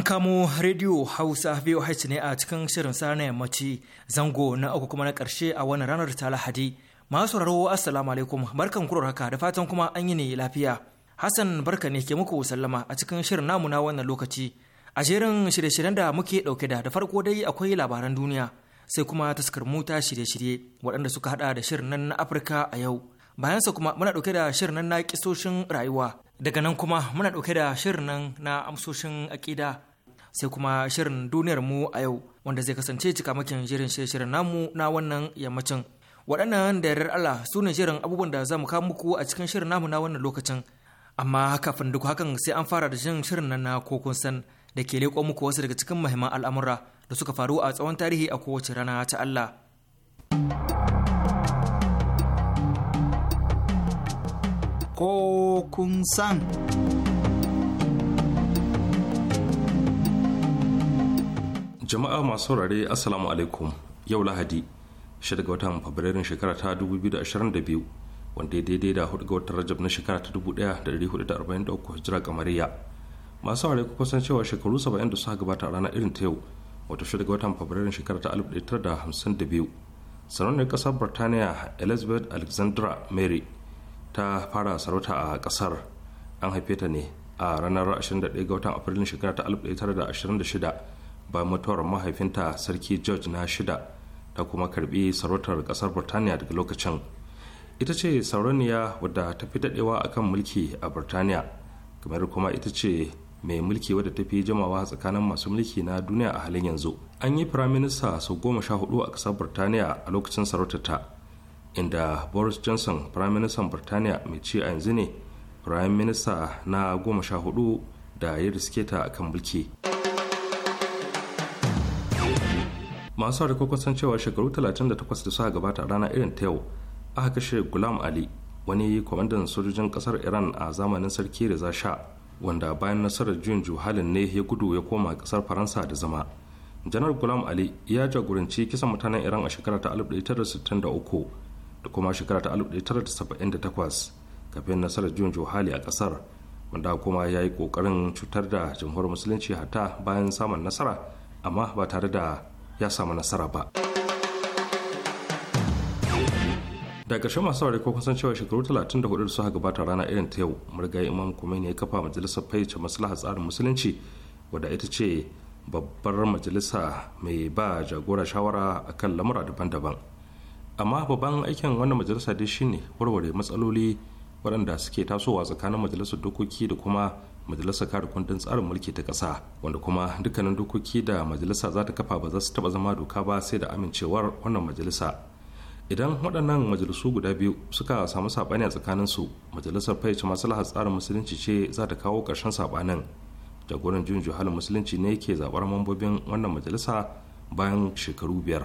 An kamo rediyo Hausa VOH ne a cikin shirin sa na yammaci zango na uku kuma na ƙarshe a wannan ranar ta Lahadi. Masu sauraro Assalamu alaikum barkan kurar haka da fatan kuma an yi ne lafiya. Hassan barka ne ke muku sallama a cikin shirin namu na wannan lokaci. A jerin shirye-shiryen da muke ɗauke da da farko dai akwai labaran duniya sai kuma taskar mota shirye-shirye waɗanda suka haɗa da shirin nan na Afirka a yau. Bayansa kuma muna ɗauke da shirin nan na kisoshin rayuwa daga nan kuma muna ɗauke da shirin nan na amsoshin aƙida sai kuma shirin duniyar mu a yau wanda zai kasance cikamakin shirin shirin namu na wannan yammacin waɗannan da yarar Allah su ne shirin abubuwan da za mu kawo muku a cikin shirin namu na wannan lokacin amma kafin duk hakan sai an fara da jin shirin nan na kokon san da ke leƙo muku wasu daga cikin muhimman al'amura da suka faru a tsawon tarihi a kowace rana ta Allah ko kun san. jama'a masu saurare assalamu alaikum yau lahadi 6 ga watan fabrairun shekara ta 2022 wanda ya daidai da 4 ga watan rajab na shekara ta 1443 hijira kamariya masu saurare ku kusan cewa shekaru 70 da suka gabata a ranar irin ta yau wato 6 ga watan fabrairun shekara ta 1952 sarauniyar kasar birtaniya elizabeth alexandra mary ta fara sarauta a kasar an haife ta ne a ranar 21 ga watan afrilun shekara ta 1926 bayan mutuwar mahaifinta sarki george na shida ta kuma karbi sarautar kasar burtaniya daga lokacin ita ce sarauniya wadda ta fi dadewa akan mulki a burtaniya kamar kuma ita ce mai mulki wadda ta fi jimawa tsakanin masu mulki na duniya a halin yanzu an yi firaminista sau goma sha hudu a kasar burtaniya a lokacin sarautarta inda boris johnson firaministan burtaniya mai ci a yanzu ne firaminista na goma sha hudu da ya riske ta akan mulki. masu da san cewa shekaru 38 da suka gabata rana irin ta yau aka kashe gulam ali wani kwamandan sojojin kasar iran a zamanin sarki da sha wanda bayan nasarar juyin juhalin ne ya gudu ya koma kasar faransa da zama janar gulam ali ya jagoranci kisan mutanen iran a shekara ta 1963 da kuma shekara ta 1978 kafin nasarar juyin juhali a kasar wanda kuma ya yi kokarin cutar da jamhuriyar musulunci hatta bayan samun nasara amma ba tare da ya samu nasara ba da ƙarshen masu saurari ko kusan cewa shekaru 34 da suka gabata rana irin ta yau murgayi imam kumeni ya kafa majalisar fayyace maslahar tsarin musulunci wadda ita ce babbar majalisa mai ba jagora shawara a kan lamura daban-daban amma babban aikin wannan majalisa dai shine warware matsaloli waɗanda suke tasowa tsakanin majalisar dokoki da kuma majalisar kare kundin tsarin mulki ta ƙasa wanda kuma dukkanin dokoki da majalisa za ta kafa ba za su taɓa zama doka ba sai da amincewar wannan majalisa idan waɗannan majalisu guda biyu suka samu saɓani a su majalisar fayyace maslahar tsarin musulunci ce za ta kawo ƙarshen saɓanin jagoran juyin juhalin musulunci ne ke zaɓar mambobin wannan majalisa bayan shekaru biyar.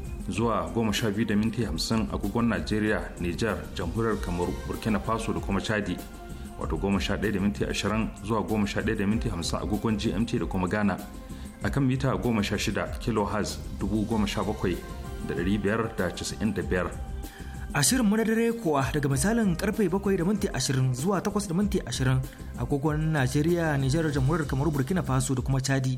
zuwa biyu da minti 50 agogon Najeriya, Nijar, Jamhuriyar Kamaru, Burkina Faso da kuma Chadi. Wato ɗaya da minti ashirin zuwa ɗaya da minti 50 agogon GMT da kuma Ghana. A kan mita 16 kHz 17,595. Ashirin mu na dare kuwa daga misalin karfe bakwai da minti ashirin zuwa takwas da minti 20 agogon Najeriya, Nijar, Jamhuriyar Kamaru, Burkina Faso da kuma Chadi.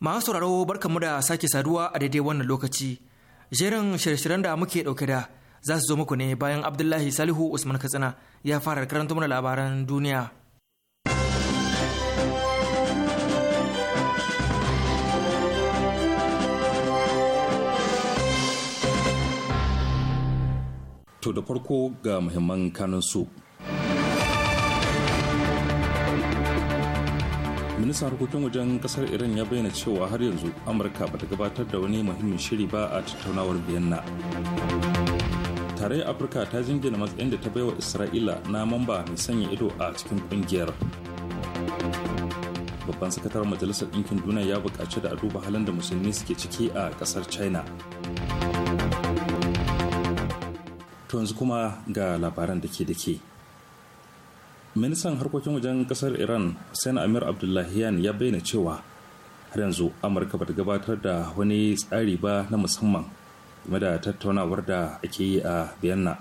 Masu sauraro barkanmu da sake saduwa a daidai wannan lokaci. Jerin shirye-shiryen da muke ɗauke da za su zo muku ne bayan Abdullahi Salihu Usman Katsina ya fara karanta mana labaran duniya. To da farko ga muhimman kanunsu. su. ministan harkokin wajen kasar iran ya bayyana cewa har yanzu amurka bata gabatar da wani muhimmin shiri ba a tattaunawar vienna tarayyar afirka ta jingina matsayin da ta baiwa isra'ila na mamba mai sanya ido a cikin kungiyar babban sakatar majalisar ɗinkin duniya ya buƙaci da a duba halin da musulmi suke ciki a ƙasar china to yanzu kuma ga labaran da ke da ke ministan harkokin wajen kasar iran sen amir abdullahiyan ya bayyana cewa har yanzu amurka bata gabatar da wani tsari ba na musamman game da tattaunawar da ake yi a vienna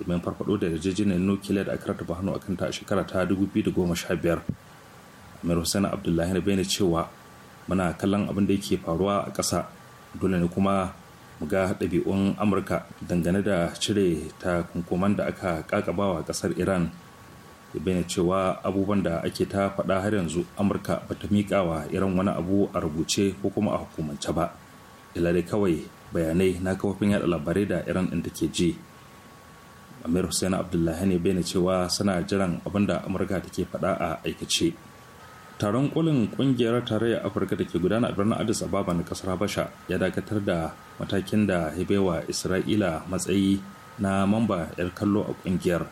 domin farfado da yarjejeniyar nukiliya da aka rataba hannu a kanta a shekara ta 2015 amir hussein abdullahi na bayyana cewa muna kallon abin da yake faruwa a ƙasa dole ne kuma mu ga ɗabi'un amurka dangane da cire takunkuman da aka ƙaƙabawa ƙasar iran ya bayyana cewa abubuwan da ake ta faɗa har yanzu amurka ba ta miƙawa irin wani abu a rubuce ko kuma a hukumance ba ila dai kawai bayanai na kafofin yada labarai da irin ɗin take ji amir hussein abdullahi ne bayyana cewa suna jiran abin da amurka take faɗa a aikace taron kolin kungiyar tarayya afirka da ke gudana a birnin addis ababa na kasar habasha ya dakatar da matakin da ya isra'ila matsayi na mamba 'yar kallo a kungiyar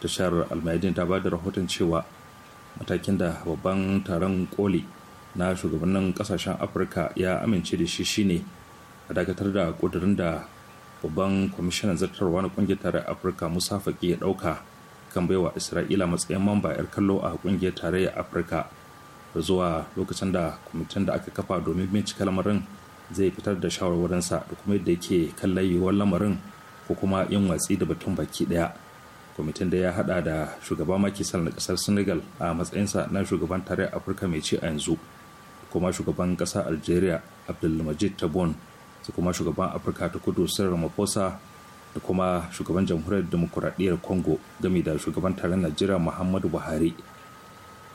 tashar almayadin ta bada rahoton cewa matakin da babban taron koli na shugabannin kasashen afirka ya amince da shi shine a dakatar da kudurin da babban kwamishinan zartarwa na kungiyar tarayyar afirka musa faki ya dauka kan baiwa isra'ila matsayin mamba 'yar kallo a kungiyar tarayyar afirka da zuwa lokacin da kwamitin da aka kafa domin bincika lamarin zai fitar da shawarwarinsa da kuma yadda yake kallon yiwuwar lamarin ko kuma yin watsi da batun baki daya kwamitin da ya hada da shugaba makisal na kasar Senegal a matsayinsa na shugaban tare Afirka mai ci a yanzu kuma shugaban kasa Algeria Abdulmajid Tabon da kuma shugaban Afirka ta Kudu Cyril Ramaphosa da kuma shugaban jamhuriyar demokuraɗiyyar Congo game da shugaban tare Najeriya Muhammadu Buhari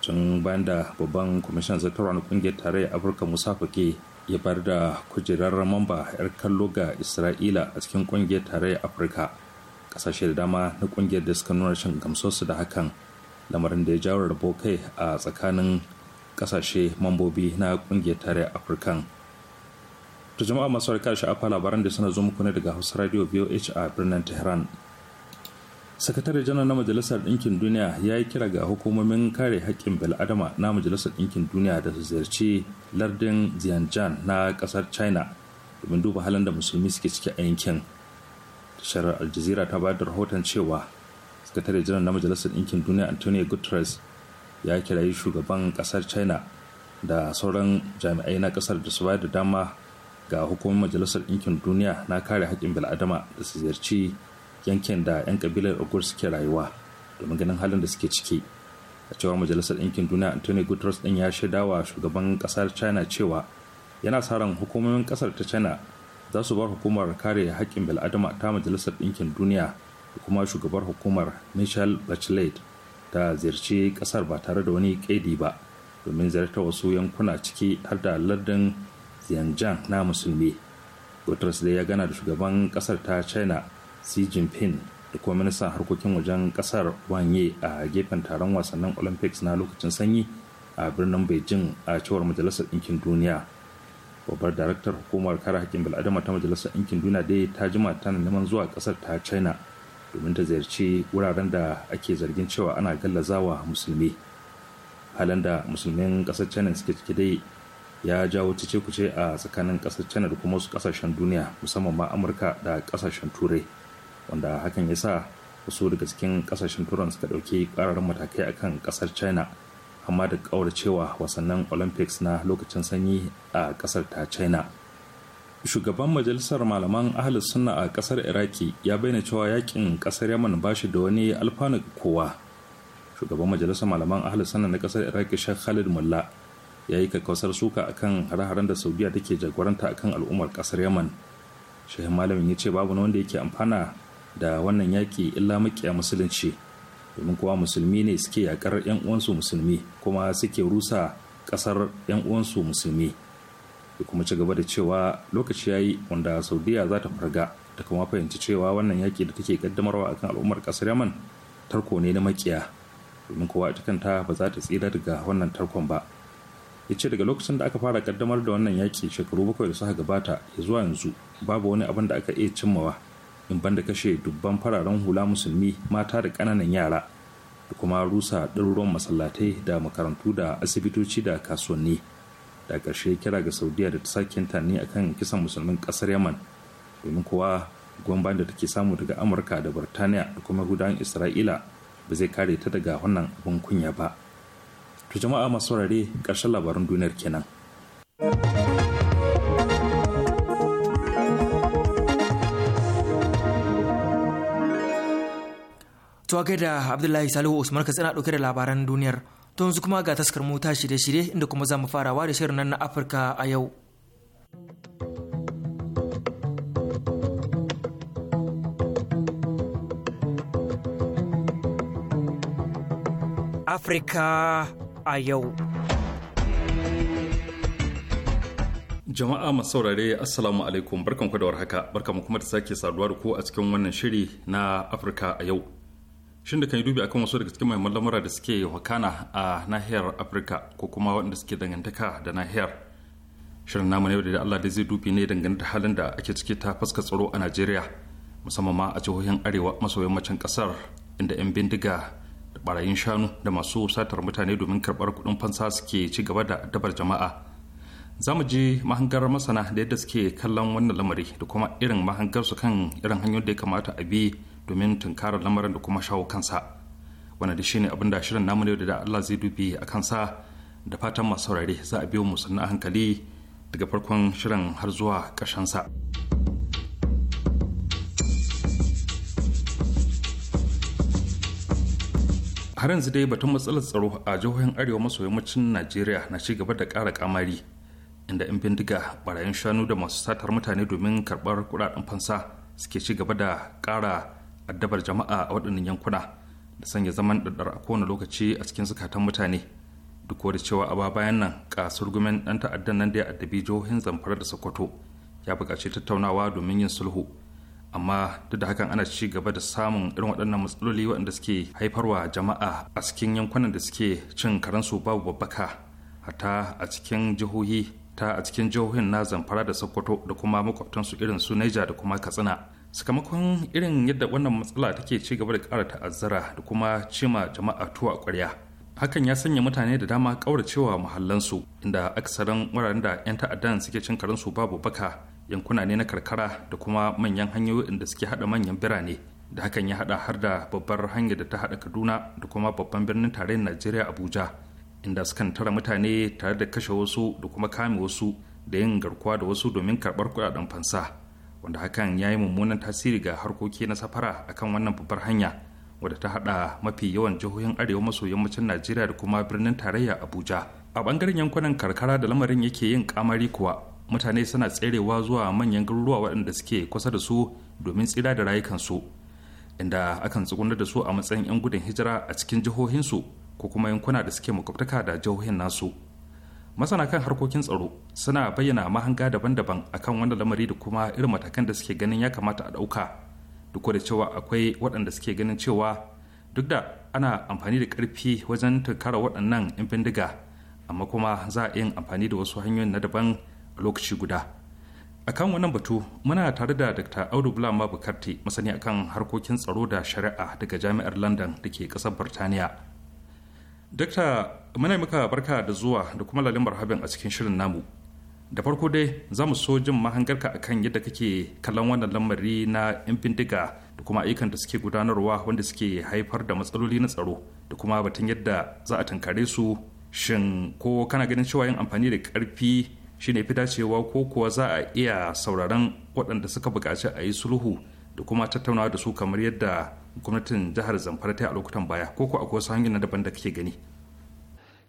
tun bayan da babban kwamishin zartarwa na kungiyar tarayyar Afirka Musa Fake ya bar da kujerar mamba 'yar kallo ga Isra'ila a cikin kungiyar tarayyar Afirka. kasashe da dama na kungiyar da suka nuna rashin gamsosu da hakan lamarin da ya jawo rabo kai a tsakanin kasashe mambobi na kungiyar tare afirkan ta jama'a masu harka sha'afa labaran da suna zo muku ne daga hausa radio voh a birnin tehran sakatare janar na majalisar ɗinkin duniya ya yi kira ga hukumomin kare haƙƙin bil'adama na majalisar ɗinkin duniya da su ziyarci lardin xianjiang na ƙasar china domin duba halin da musulmi suke ciki a yankin tashar aljazira ta bayar da rahoton cewa sakatare jiran na majalisar ɗinkin duniya antonio guterres ya kirayi shugaban ƙasar china da sauran jami'ai na ƙasar da su bayar da dama ga hukumar majalisar ɗinkin duniya na kare haƙƙin bil'adama da su ziyarci yankin da 'yan ƙabilar ugur suke rayuwa domin ganin halin da suke ciki a cewa majalisar ɗinkin duniya antonio guterres ɗin ya shaidawa shugaban ƙasar china cewa yana sa ran hukumomin ƙasar ta china za su bar hukumar kare haƙƙin bil'adama ta majalisar ɗinkin duniya da kuma shugabar hukumar michelle bachelet ta ziyarci ƙasar ba tare da wani ƙaidi ba domin ziyartar wasu yankuna ciki har da lardin xinjiang na musulmi guterres dai ya gana da shugaban ƙasar ta china xi jinping da kuma ministan harkokin wajen ƙasar wanye a gefen taron wasannin olympics na lokacin sanyi a birnin beijing a cewar majalisar ɗinkin duniya babbar daraktar hukumar kare hakkin bil'adama ta majalisar ɗinkin duniya dai ta jima tana neman zuwa ƙasar ta china domin ta ziyarci wuraren da ake zargin cewa ana gallazawa musulmi halin da musulmin ƙasar china suke ciki dai ya jawo cice kuce a tsakanin ƙasar china da kuma wasu ƙasashen duniya musamman ma amurka da ƙasashen turai wanda hakan ya sa wasu daga cikin ƙasashen turai suka ɗauki ƙwararren matakai akan ƙasar china amma da kawar cewa wasannin olympics na lokacin sanyi a ƙasar ta china shugaban majalisar malaman ahli suna a ƙasar iraki ya bayyana cewa yakin ƙasar yaman ba shi da wani alfanu kowa shugaban majalisar malaman ahli suna na ƙasar iraki shek khalid mulla ya yi kakkausar suka akan hare-haren da saudiya take jagoranta akan al'ummar ƙasar yaman shehin malamin ya ce babu na wanda yake amfana da wannan yaƙi illa makiya musulunci domin kuwa musulmi ne suke yakar 'yan uwansu musulmi kuma suke rusa kasar 'yan uwansu musulmi ya kuma ci gaba da cewa lokaci ya yi wanda saudiya za ta farga ta kuma fahimci cewa wannan yaki da take kaddamarwa akan al'ummar kasar yaman tarko ne na makiya domin kowa ita kanta ba za ta tsira daga wannan tarkon ba ya ce daga lokacin da aka fara kaddamar da wannan yaki shekaru bakwai da suka gabata ya zuwa yanzu babu wani abin da aka iya cimmawa in banda kashe dubban fararen hula musulmi mata da kananan yara da kuma rusa ɗaruruwan masallatai da makarantu da asibitoci da kasuwanni da ƙarshe kira ga saudiya da ta sake ne akan kisan musulmin ƙasar yaman domin kuwa gwamban da take samu daga amurka da birtaniya da kuma gudan isra'ila ba zai kare ta daga wannan abin kunya ba to jama'a masu rare ƙarshen labarin duniyar kenan. To kai da Abdullahi Salihu Usman ka tsana dauke da labaran duniyar. To yanzu kuma ga taskar mu ta shirye-shirye inda kuma za mu farawa da shirin nan na Afirka a yau. Afirka a yau. Jama'a masu saurare Assalamu alaikum barkanku da warhaka barkanku kuma da sake saduwa da ku a cikin wannan shiri na Afirka a yau. shin da kan yi dubi akan wasu daga cikin mahimman lamura da suke wakana a nahiyar afirka ko kuma waɗanda suke dangantaka da nahiyar shirin namu ne da allah da zai dubi ne dangane da halin da ake ciki ta fuska tsaro a najeriya musamman ma a jihohin arewa maso yammacin kasar inda 'yan bindiga da barayin shanu da masu satar mutane domin karbar kuɗin fansa suke ci gaba da dabar jama'a za mu ji mahangar masana da yadda suke kallon wannan lamari da kuma irin mahangarsu kan irin hanyoyin da ya kamata a bi domin tunkarar lamarin da kuma shawo kansa wanda da shi ne abin da shirin namu yau da Allah zai dubi a kansa da fatan masu saurare za a biyo musu sannan hankali daga farkon shirin har zuwa ƙarshen sa. har yanzu dai batun matsalar tsaro a jihohin arewa maso yammacin najeriya na ci gaba da ƙara kamari inda in bindiga barayin shanu da masu satar mutane domin karɓar kuɗaɗen fansa suke ci gaba da ƙara addabar jama'a a waɗannan yankuna da sanya zaman ɗaɗɗar a kowane lokaci a cikin zukatan mutane duk da cewa a ba bayan nan kasar gumen ɗan ta'addan nan da ya addabi jihohin zamfara da sokoto ya buƙaci tattaunawa domin yin sulhu amma duk da hakan ana ci gaba da samun irin waɗannan matsaloli waɗanda suke haifarwa jama'a a cikin yankunan da suke cin karansu babu babbaka hatta a cikin jihohi ta a cikin jihohin na zamfara da sokoto da kuma makwabtansu irin su naija da kuma katsina sakamakon irin yadda wannan matsala take ci gaba da kara ta'azzara da kuma cima jama'a tuwa kwarya hakan ya sanya mutane da dama ƙauracewa muhallansu inda aksarin wuraren da 'yan ta'addan suke cin su babu baka yankuna ne na karkara da kuma manyan hanyoyin da suke hada manyan birane da hakan ya hada har da babbar hanyar da ta hada kaduna da kuma babban birnin tarayyar najeriya abuja inda sukan tara mutane tare da kashe wasu da kuma kame wasu da yin garkuwa da wasu domin karɓar kudaden fansa wanda hakan ya yi mummunan tasiri ga harkoki na safara akan wannan babbar hanya wadda ta hada mafi yawan jihohin arewa maso yammacin najeriya da kuma birnin tarayya abuja a bangaren yankunan karkara da lamarin yake yin kamari kuwa mutane suna tserewa zuwa manyan garuruwa waɗanda suke kusa da su domin tsira da rayukansu inda akan tsugunar da su a matsayin 'yan gudun hijira a cikin jihohinsu ko kuma yankuna da suke makwabtaka da jihohin nasu masana kan harkokin tsaro suna bayyana mahanga daban-daban akan wannan lamari da kuma irin matakan da suke ganin ya kamata a ɗauka duk da cewa akwai waɗanda suke ganin cewa duk da ana amfani da ƙarfi wajen tunkara waɗannan 'yan bindiga amma kuma za a yin amfani da wasu hanyoyin na daban a lokaci guda akan wannan batu muna tare da dr audu bulama bukarti masani akan harkokin tsaro da shari'a daga jami'ar london da ke ƙasar birtaniya dr muna muka barka da zuwa da kuma lalimar habin a cikin shirin namu da farko dai za mu so jin mahangarka a kan yadda kake kallon wannan lamari na 'yan bindiga da kuma ayyukan da suke gudanarwa wanda suke haifar da matsaloli na tsaro da kuma batun yadda za a tankare su shin ko kana ganin cewa yin amfani da karfi shine fi dacewa ko kuwa za a iya sauraron waɗanda suka buƙaci a yi sulhu da kuma tattaunawa da su kamar yadda gwamnatin jihar zamfara ta a lokutan baya ko ko akwai wasu hanyoyi na daban da kake gani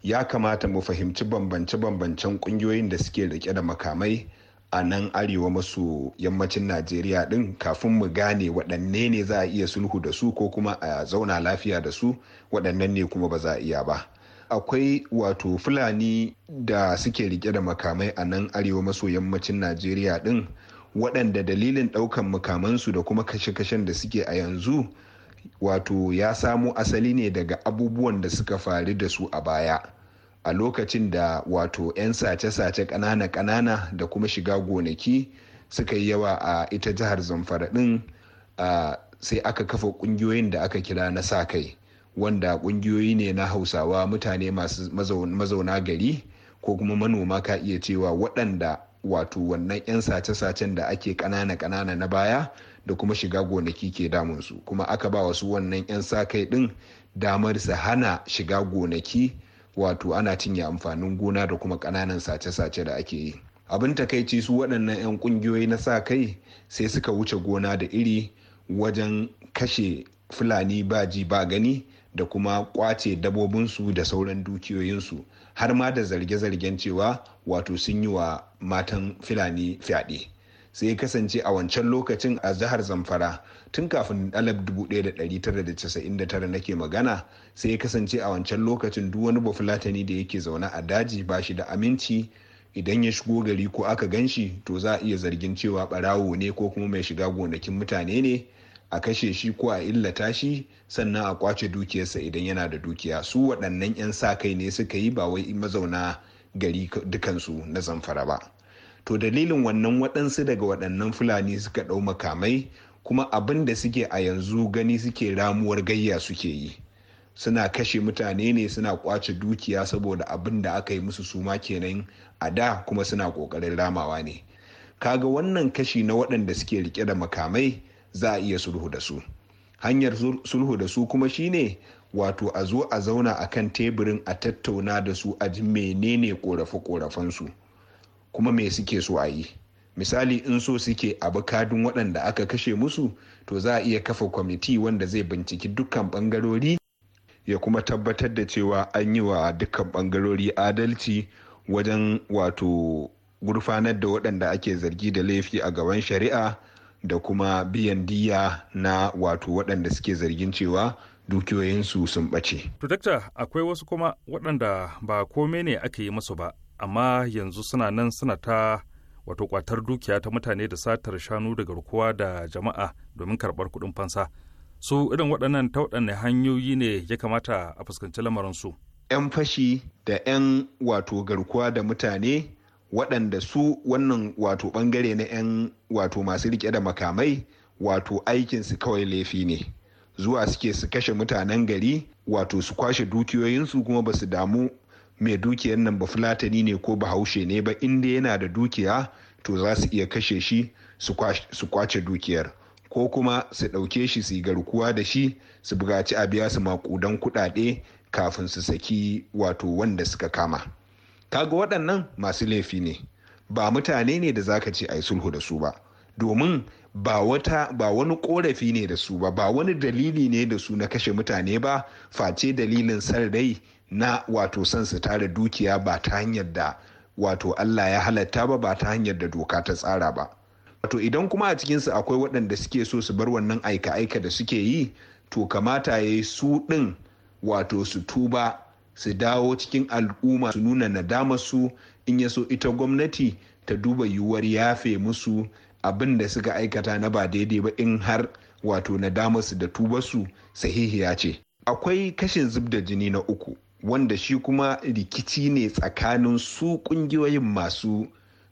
ya kamata mu fahimci bambance-bambancen kungiyoyin da suke rike da makamai a nan arewa maso yammacin najeriya din kafin mu gane waɗanne ne za a iya sulhu da su ko kuma a zauna lafiya da su waɗannan ne kuma ba za a iya ba akwai wato fulani da suke rike da makamai a nan arewa maso yammacin najeriya din waɗanda dalilin ɗaukan makamansu da kuma kashe-kashen da suke a yanzu wato ya samo asali ne daga abubuwan da suka faru da su a baya a lokacin da wato 'yan sace-sace kanana kanana da kuma shiga gonaki suka yi yawa a ita jihar zamfara ɗin sai aka kafa ƙungiyoyin da aka kira na sa kai wanda ƙungiyoyi ne na hausawa mutane masu mazauna gari ko kuma manoma ka iya cewa waɗanda wato wannan 'yan sace-sacen da ake kanana kanana na baya da kuma shiga gonaki ke damunsu kuma aka ba wasu wannan 'yan sa kai ɗin damar su hana shiga gonaki wato ana cinye amfanin gona da kuma ƙananan sace-sace da ake yi abin takaici su waɗannan 'yan ƙungiyoyi na sa kai sai suka wuce gona da iri wajen kashe fulani baji ba gani da kuma kwace dabobinsu da sauran dukiyoyinsu har ma da zarge-zargen cewa wato sun yi wa matan fulani fyaɗe sai ya kasance a wancan lokacin a jihar zamfara tun kafin 1999 nake magana sai ya kasance a wancan lokacin duk wani bafulatani da yake zaune a daji ba shi da aminci idan ya shigo gari ko aka gan shi to za a iya zargin cewa barawo ne ko kuma mai shiga gonakin mutane ne a kashe shi ko a illata shi sannan a kwace dukiyarsa idan yana da dukiya su waɗannan 'yan sa kai ne suka yi ba wai mazauna gari dukansu na zamfara ba. to dalilin wannan waɗansu daga waɗannan fulani suka ɗau makamai kuma abin da suke a yanzu gani suke ramuwar gayya suke yi suna kashe mutane ne suna kwace dukiya saboda abin da aka yi musu suma kenan a da kuma suna ƙoƙarin ramawa ne kaga wannan kashi na waɗanda suke rike da makamai za a iya sulhu da su hanyar sulhu da su kuma shine wato a zo a zauna a kan teburin a tattauna da su a ji menene korafe-korafensu kuma me suke so a yi misali in so suke abu waɗanda aka kashe musu to za a iya kafa kwamiti wanda zai binciki dukkan bangarori ya kuma tabbatar da cewa an yi wa dukkan bangarori adalci wajen wato gurfanar da waɗanda ake zargi da laifi a gaban shari'a da kuma biyan diya na wato waɗanda suke zargin cewa dukiyoyinsu sun bace. To akwai wasu kuma waɗanda ba kome ne aka yi masu ba amma yanzu suna nan suna ta wato kwatar dukiya ta mutane da satar shanu daga rukuwa da jama'a domin karɓar kuɗin fansa su irin waɗannan ta waɗanne hanyoyi ne ya kamata a fuskanci lamarin su. 'yan fashi da 'yan wato garkuwa da mutane waɗanda su wannan wato ɓangare na 'yan wato masu riƙe da makamai wato aikinsu kawai laifi ne zuwa suke su kashe mutanen gari wato su kwashe dukiyoyinsu kuma ba su damu mai dukiyar nan ba fulatani ne ko bahaushe ne ba inda yana da dukiya to za su iya kashe shi su kwace dukiyar ko kuma su ɗauke shi su yi garkuwa da shi su bugaci a biya su makudan kuɗaɗe kafin su saki wato wanda suka kama kaga waɗannan masu laifi ne ba mutane ne da zaka ce a yi sulhu da su ba domin ba wata ba wani korafi ne da su ba ba wani dalili ne da su na kashe mutane ba face dalilin san rai na wato son su tara dukiya ba ta hanyar da wato Allah ya halatta ba ba ta hanyar da doka ta tsara ba wato idan kuma a cikinsu akwai waɗanda suke so su bar wannan aika-aika da suke yi to kamata ya yi su ɗin wato su tuba su dawo cikin al'umma su nuna nadama su in ya so ita gwamnati ta duba yiwuwar yafe musu abin da suka aikata na ba daidai ba in har wato nadama su da tuba su sahihiya ce akwai kashin zub da jini na uku wanda shi kuma rikici ne tsakanin su kungiyoyin masu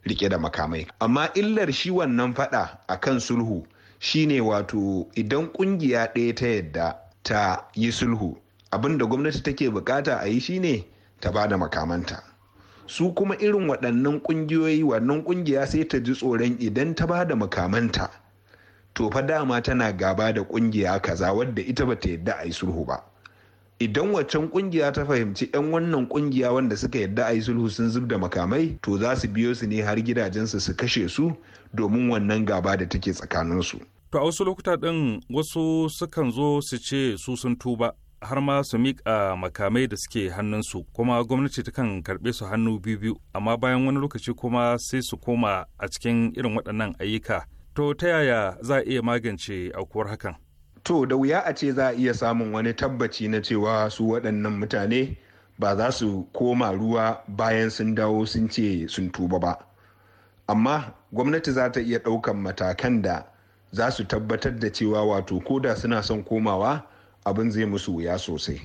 rike da makamai amma illar shi wannan fada a kan sulhu shine wato idan kungiya ɗaya ta yadda ta yi sulhu abinda gwamnati take bukata a yi shine ta ba da makamanta su kuma irin waɗannan ƙungiyoyi wannan ƙungiya sai ta ji tsoron idan ta ba da makamanta to fa dama tana gaba da ƙungiya kaza wadda ita ba ta yadda a yi sulhu ba idan waccan kungiya ta fahimci 'yan wannan kungiya wanda suka yadda a yi sulhu sun zub da makamai to za su biyo su ne har gidajensu su kashe su domin wannan gaba da take tsakaninsu. To a wasu lokuta ɗin wasu sukan zo su ce su sun tuba har ma su miƙa makamai da suke hannunsu kuma gwamnati ta kan karɓe su hannu biyu biyu amma bayan wani lokaci kuma sai su koma a cikin irin waɗannan ayyuka to ta yaya za a iya magance aukuwar hakan to da wuya a ce za a iya samun wani tabbaci na cewa su waɗannan mutane ba za su koma ruwa bayan sun dawo sun ce sun tuba ba amma gwamnati za ta iya ɗaukan matakan da za su tabbatar da cewa wato ko da suna son komawa abin zai musu wuya sosai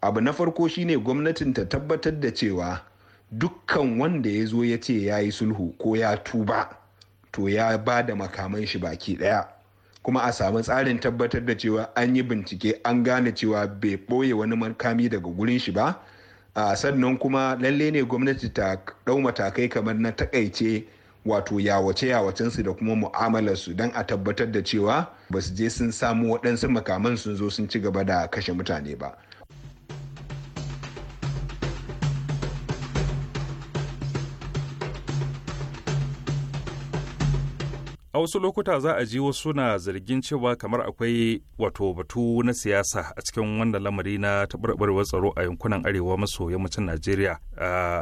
abu na farko shine gwamnatin ta tabbatar da cewa dukkan wanda ya zo ya ce ya yi sulhu ko ya tuba to ya ba da makaman shi baki ɗaya kuma a samu tsarin tabbatar da cewa an yi bincike an gane cewa bai ɓoye wani makami daga gurin shi ba a sannan kuma lalle ne gwamnati ta ɗau matakai kamar na takaice wato yawace yawacensu da kuma mu'amalarsu don a tabbatar da cewa ba su je sun samu waɗansu makaman sun zo sun ci gaba da kashe mutane ba a wasu lokuta za a ji wasu na zargin cewa kamar akwai wato batu na siyasa a cikin wannan lamari na taɓarɓarewar tsaro a yankunan arewa maso yammacin najeriya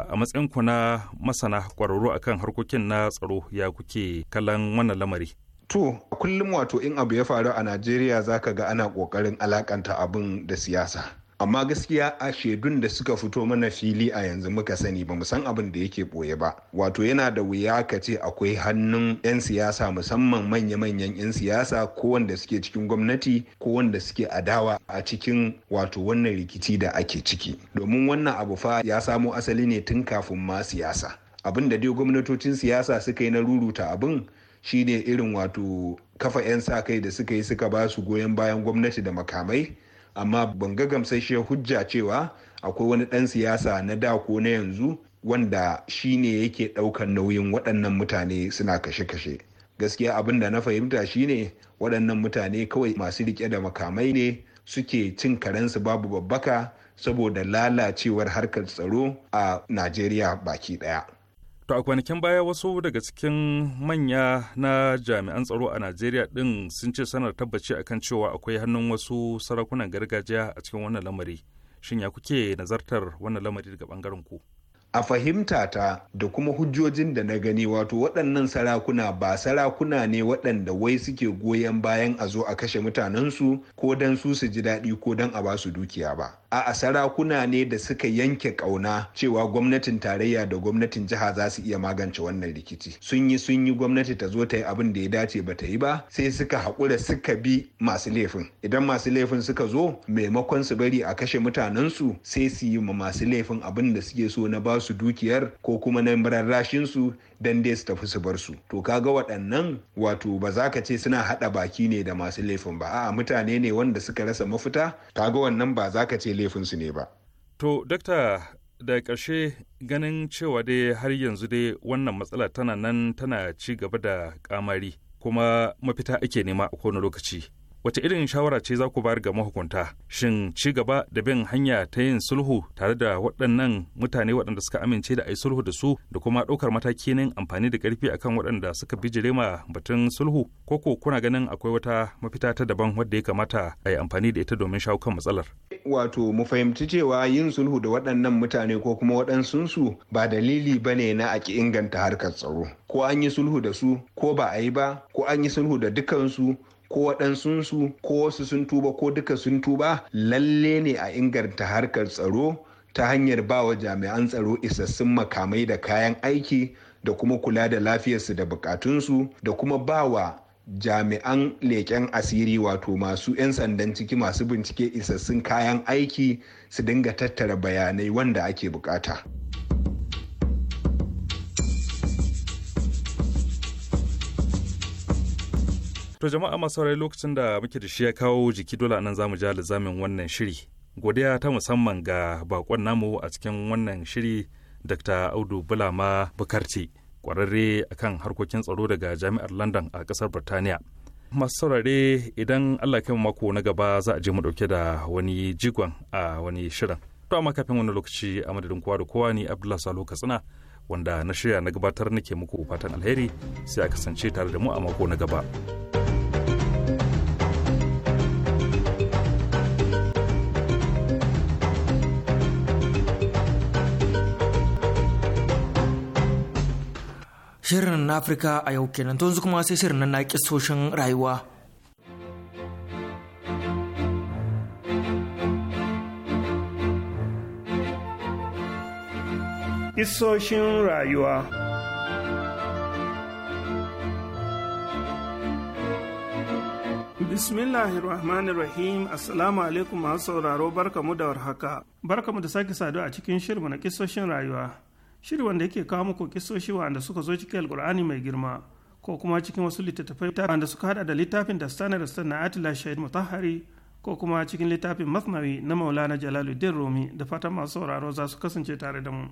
a matsayin ku na masana kwararru akan harkokin na tsaro ya kuke kallon wannan lamari to kullum wato in abu ya faru a najeriya ka ga ana ƙoƙarin alakanta abin da siyasa amma gaskiya a shaidun da suka fito mana fili a yanzu muka sani ba san abin da yake boye ba wato yana da wuya ka ce akwai hannun 'yan siyasa musamman manya-manyan 'yan siyasa ko wanda suke cikin gwamnati ko wanda suke adawa a cikin wato wannan rikici da ake ciki domin wannan abu fa ya samo asali ne tun kafin ma siyasa abin da dai gwamnatocin siyasa suka yi na ruruta abin shine irin wato kafa 'yan sa kai da suka yi suka ba su goyon bayan gwamnati da makamai amma ban ga gamsasshiyar hujja cewa akwai wani ɗan siyasa na da ko na yanzu wanda shi ne yake ɗaukar nauyin waɗannan mutane suna kashe-kashe gaskiya abin da na fahimta shine waɗannan mutane kawai masu riƙe da makamai ne suke cin karensu babu babbaka saboda lalacewar harkar tsaro a najeriya baki ɗaya To a kwanakin baya wasu daga cikin manya na jami'an tsaro a Najeriya din sun ce sanar tabbaci akan cewa akwai hannun wasu sarakunan gargajiya a cikin wannan lamari. Shin ya kuke nazartar wannan lamari daga bangaren ku? a fahimta ta da kuma hujjojin da na gani wato waɗannan sarakuna ba sarakuna ne waɗanda wai suke goyon bayan a zo a kashe mutanensu ko don su su ji daɗi ko don a ba su dukiya ba a sarakuna ne da suka yanke ƙauna cewa gwamnatin tarayya da gwamnatin jiha za su iya magance wannan rikici sun yi sun yi gwamnati ta zo ta yi abin da ya dace ba ta yi ba sai suka haƙura suka bi masu laifin idan masu laifin suka zo maimakon su bari a kashe mutanensu sai su yi ma masu laifin abin da suke so na ba su dukiyar ko kuma na su dan dai su tafi su bar su to kaga waɗannan wato ba za ka ce suna haɗa baki ne da masu laifin ba a'a mutane ne wanda suka rasa mafita kaga wannan ba za ka ce laifin su ne ba to dokta da karshe ganin cewa dai har yanzu dai wannan matsala tana nan tana ci gaba da kamari kuma mafita ake nema a kowane lokaci wace irin shawara ce za ku bayar ga mahukunta shin ci gaba da bin hanya ta yin sulhu tare da waɗannan mutane waɗanda suka amince da a yi sulhu da su da kuma ɗaukar mataki ne amfani da ƙarfi akan waɗanda suka bi jirema batun sulhu ko ko kuna ganin akwai wata mafita ta daban wadda ya kamata a yi amfani da ita domin shawo kan matsalar wato mu fahimci cewa yin sulhu da waɗannan mutane ko kuma waɗansunsu ba dalili ba ne na a ki inganta harkar tsaro ko an yi sulhu da su ko ba a yi ba ko an yi sulhu da dukansu ko waɗansunsu ko wasu sun tuba ko duka sun tuba lalle ne a inganta harkar tsaro ta hanyar ba wa jami'an tsaro isassun makamai da kayan aiki da kuma kula da lafiyarsu da bukatunsu da kuma ba wa jami'an leƙen asiri wato masu 'yan sandan ciki masu bincike isassun kayan aiki su dinga tattara bayanai wanda ake bukata. To jama'a masu saurari lokacin da muke da shi ya kawo jiki dole nan zamu ja lizamin wannan shiri. Godiya ta musamman ga bakon namu a cikin wannan shiri Dr. Audu Bulama Bukarci kwararre akan harkokin tsaro daga Jami'ar London a ƙasar Birtaniya. Masu saurare idan Allah kai mako na gaba za a je mu dauke da wani jigon a wani shirin. To amma kafin wani lokaci a madadin kowa da kowa ne Abdullahi Salo Katsina wanda na shirya na gabatar nake muku fatan alheri sai a kasance tare da mu a mako na gaba. Shirin na Afirka a yau kenan to yanzu kuma sai shirin na kisoshin rayuwa. Isoshin rayuwa rahmanir rahim, Assalamu alaikum masu sauraro barkamu da warhaka barkamu da sake saduwa a cikin shirin na kisoshin rayuwa shiri wanda yake kawo muku kisoshi wanda suka zo cikin alkur'ani mai girma ko kuma cikin wasu littattafai wanda suka hada da littafin da stanar na atila shahid mutahari ko kuma cikin littafin masnawi na maulana jalaluddin romi da fatan masu sauraro za su kasance tare da mu.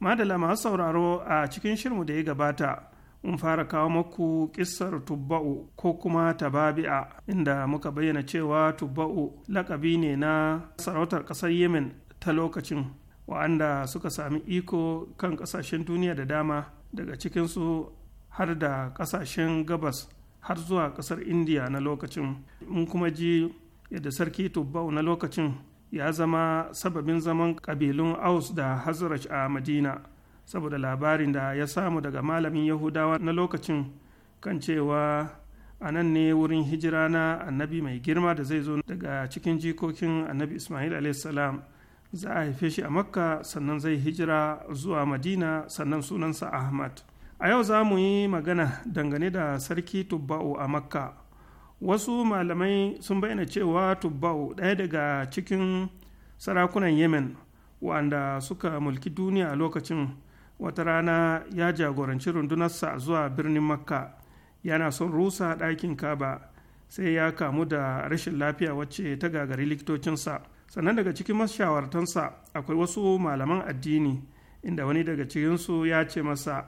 madala masu sauraro a cikin shirmu da ya gabata in fara kawo maku kissar tubba'u ko kuma tababi'a inda muka bayyana cewa tubba'u lakabi ne na sarautar ƙasar yemen ta lokacin wa'anda suka sami iko kan ƙasashen duniya da dama daga cikinsu har da ƙasashen gabas har zuwa ƙasar indiya na lokacin in kuma ji yadda sarki tubba'u na lokacin ya zama sababin zaman kabilun aus da hazraj a madina saboda labarin da ya samu daga malamin yahudawa na lokacin kan cewa a nan ne wurin hijira na annabi mai girma da zai zo daga cikin jikokin annabi ismail salam za a haife shi a makka sannan zai hijira zuwa madina sannan sunansa ahmad a yau za mu yi magana dangane da sarki tubba'u a makka wasu malamai sun bayyana cewa tubba'u ɗaya daga cikin sarakunan yemen wa'anda suka mulki duniya a lokacin wata rana ya jagoranci rundunarsa zuwa birnin makka yana son rusa ɗakin kaba sai ya kamu da rashin lafiya wacce ta gagari likitocinsa sannan daga cikin mashawartansa akwai wasu malaman addini inda wani daga cikinsu ya ce masa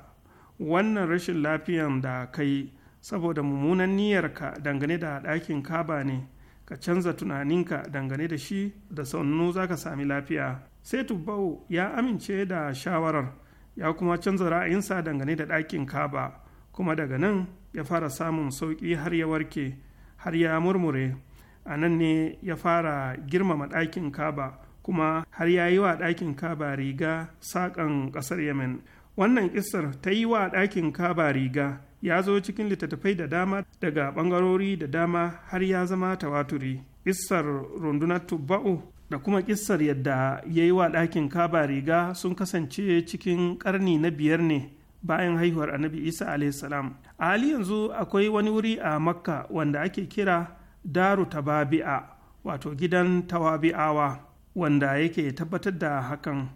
wannan rashin lafiyan da kai saboda mummunan niyyarka dangane da ɗakin kaba ne ka canza tunaninka dangane da shi da sannu za ka sami lafiya sai tubbau ya amince da shawarar ya kuma canza ra'ayinsa dangane da ɗakin kaba kuma daga nan ya fara samun sauƙi har ya warke har ya murmure a nan ne ya fara girmama ɗakin kaba kuma har ya yi wa ɗakin kaba riga saƙan ƙasar yemen wannan ƙisar ta yi wa ɗakin kaba riga ya zo cikin littattafai da dama daga ɓangarori da dama har ya zama tawaturi ƙisar rundunar tubba'u da kuma kissar yadda ya yi wa ɗakin kaba riga sun kasance cikin ƙarni na biyar ne bayan haihuwar annabi isa salam a hali yanzu akwai wani wuri a makka wanda ake kira daru tababi'a wato gidan tawabi'awa wanda yake tabbatar da hakan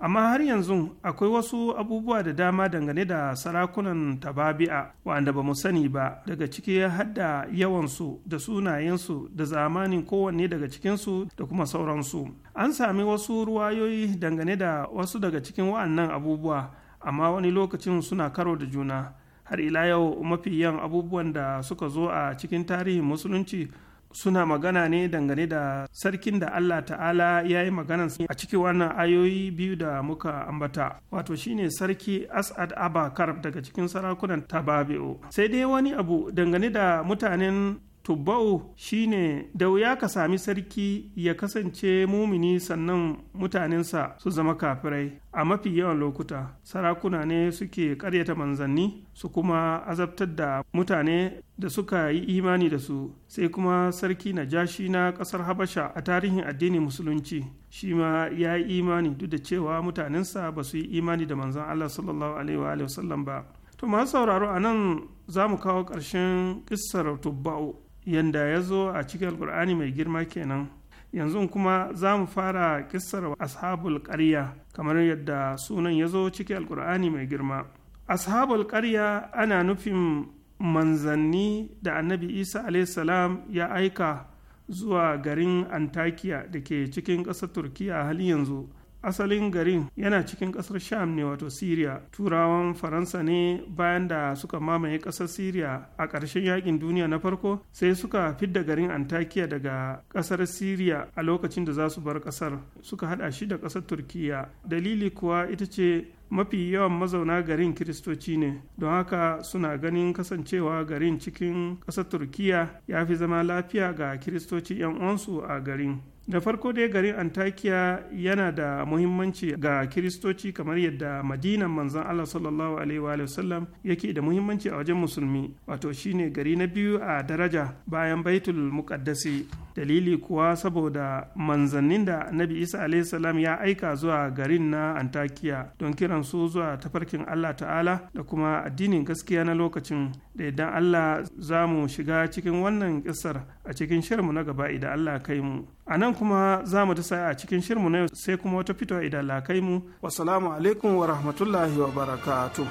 amma har yanzu akwai wasu abubuwa da dama dangane da sarakunan tababi'a wanda ba mu sani ba daga ciki hadda yawansu da sunayensu da zamanin kowanne daga cikinsu da kuma sauransu an sami wasu ruwayoyi dangane da wasu daga cikin wa'annan abubuwa amma wani lokacin suna karo da juna har ila yau mafi yan abubuwan da suka zo a cikin tarihin musulunci suna magana ne dangane da sarkin da Allah ta'ala ya yi maganan a cikin wannan ayoyi biyu da muka ambata wato shine sarki as'ad abakar daga cikin sarakunan tababi'u sai dai wani abu dangane da mutanen tubau shine da wuya ka sami sarki ya kasance mumini sannan mutanensa su zama kafirai a mafi yawan lokuta sarakuna ne suke karyata manzanni su kuma azabtar da mutane da suka yi imani da su sai kuma sarki na jashi na kasar habasha a tarihin addinin musulunci shi ma ya yi imani duk da cewa mutanensa ba su yi imani da manzan allah sallallahu alaihi wa sallam ba to masu sauraro a nan za mu kawo ƙarshen ƙisar tubba'u Yanda ya zo a cikin alkur'ani mai girma kenan yanzu kuma za mu fara kissar ashabul ƙarya kamar yadda sunan ya zo cikin alkur'ani mai girma ashabul karya ana nufin manzanni da annabi isa salam ya aika zuwa garin antakiya da ke cikin ƙasar turkiya hali yanzu asalin garin yana cikin kasar sham ne wato syria turawan faransa ne bayan da suka mamaye kasar syria a ƙarshen yakin duniya na farko sai suka fidda garin antakiya daga kasar syria a lokacin da za su bar kasar suka hada shi da kasar turkiya dalili kuwa ita ce mafi yawan mazauna garin kiristoci ne don haka suna ganin kasancewa garin cikin ƙasar turkiya ya fi zama lafiya ga kiristoci 'yan uwansu a garin da farko dai garin antakiya yana da muhimmanci ga kiristoci kamar yadda madinan manzan allah sallallahu alaihi wa sallam yake da muhimmanci a wajen musulmi wato shine gari na biyu a daraja bayan baitul muqaddasi dalili kuwa saboda manzannin da annabi isa alaihi salam ya aika zuwa garin na antakiya don kiran su zuwa tafarkin allah ta'ala da kuma addinin gaskiya na lokacin da idan allah za mu shiga cikin wannan kisar a cikin shirinmu na gaba idan Allah kai mu a nan kuma za mu ta a cikin shirinmu na yau sai kuma wata fitowa idan Allah kai mu wasalamu alaikum wa rahmatullahi wa barakatuh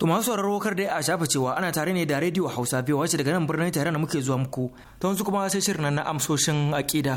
To masu sauraro kar dai a shafa cewa ana tare ne da rediyo Hausa biyu wace daga nan birnin tare da muke zuwa muku. ta wasu kuma sai shirin na amsoshin aƙida.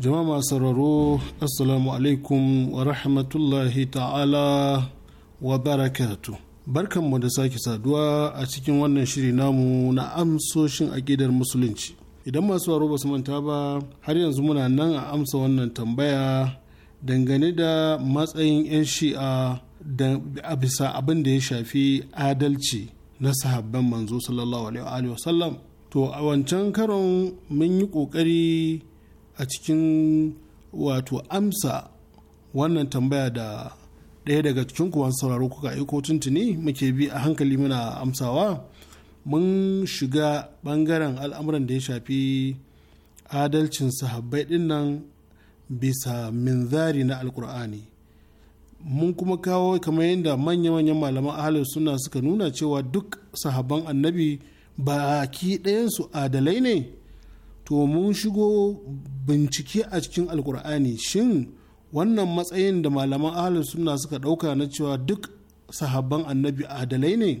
jama'a masu sauraro assalamu alaikum wa rahmatullahi ta'ala wa barakatu barkanmu da sake saduwa a cikin wannan shiri namu na amsoshin akidar musulunci idan masu waro ba su manta ba har yanzu muna nan a amsa wannan tambaya dangane da matsayin 'yan shi'a a bisa abin da ya shafi adalci na sahabban manzo sallallahu alaihi wa sallam to a wancan karon mun yi ƙoƙari. a cikin wato amsa wannan tambaya da ɗaya daga cikin kuwan sauraro kuka aiko tuntuni muke bi a hankali muna amsawa mun shiga ɓangaren al'amuran da ya shafi adalcin sahabbai ɗin nan bisa minzari na alkur'ani mun kuma kawo kamar yadda manya-manyan malaman ahalar suna suka nuna cewa duk sahabban annabi baki ɗayansu adalai ne to mun shigo bincike a cikin alkur'ani shin wannan matsayin da malaman ahalar suna suka ɗauka na cewa duk sahabban annabi adalai ne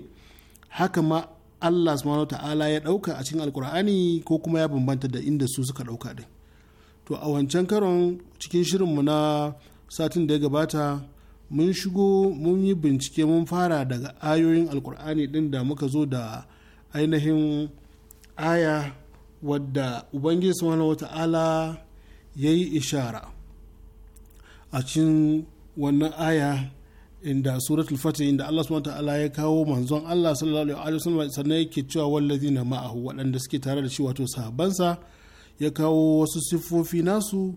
haka ma allah subhanahu ta'ala ya ɗauka a cikin alkur'ani ko kuma ya bambanta da inda su suka ɗauka din to a wancan karon cikin shirinmu na satin da ya gabata mun shigo mun yi bincike mun fara daga ayoyin alkur'ani ɗin da muka zo da ainihin aya wadda ubangiji subhanahu wata'ala ya yi ishara a cikin wannan aya inda suratul fatih inda Allah subhanahu wata'ala ya kawo manzon Allah sallallahu alaihi wasallam sannan yake cewa na ma'ahu waɗanda suke tare da shi wato sahabansa ya kawo wasu siffofi nasu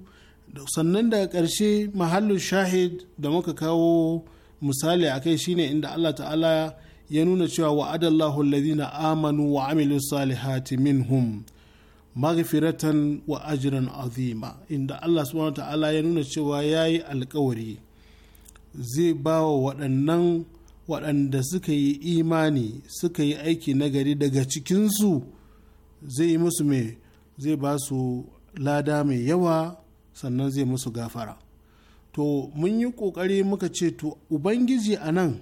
sannan daga ƙarshe mahallin shahid da muka kawo misali a kai shine inda Allah ta'ala ya nuna cewa wa'adallahu na amanu wa amilu salihati hum. maghfiratan wa ajiran azima inda Allah subhanahu ta'ala ya nuna cewa ya yi alkawari zai ba wa waɗannan waɗanda suka yi imani suka yi aiki nagari daga cikinsu zai yi musu mai zai ba su lada mai yawa sannan zai musu gafara to mun yi ƙoƙari muka ce to ubangiji a nan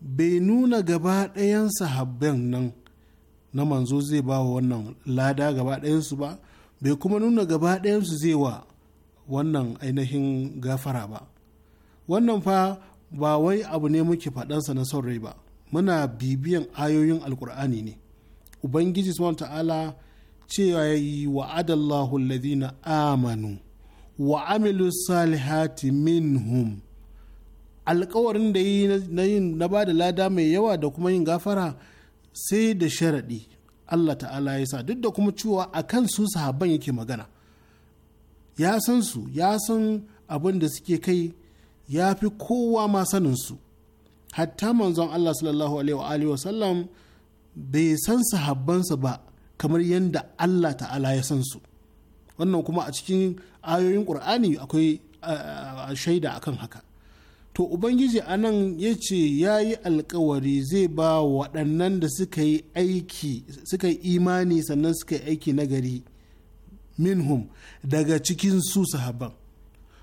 bai nuna gaba ɗayan sahabban nan na manzo zai ba wa wannan lada gaba ɗayansu ba bai kuma nuna gaba ɗayansu zai wa wannan ainihin gafara ba wannan fa ba wai abu ne muke faɗansa na son rai ba muna bibiyan ayoyin alkur'ani ne ubangiji subhanahu ta'ala cewa yi wa'adallahu alladhina amanu wa amilu salihati hum. alkawarin da yi na ba da lada mai yawa da kuma yin gafara sai da sharaɗi Allah ta'ala ya sa duk da kuma cewa a kan su sahabban yake magana ya san su ya san abin da suke kai ya fi kowa ma sanin su hatta manzon Allah sallallahu alaihi wa sallam bai san sahabbansa ba kamar yadda Allah ta'ala ya san su wannan kuma a cikin ayoyin ƙur'ani akwai shaida akan haka to ubangiji anan ya ce ya yi alkawari zai ba waɗannan da suka yi aiki suka yi imani sannan suka yi aiki nagari minhum daga cikin su sahaban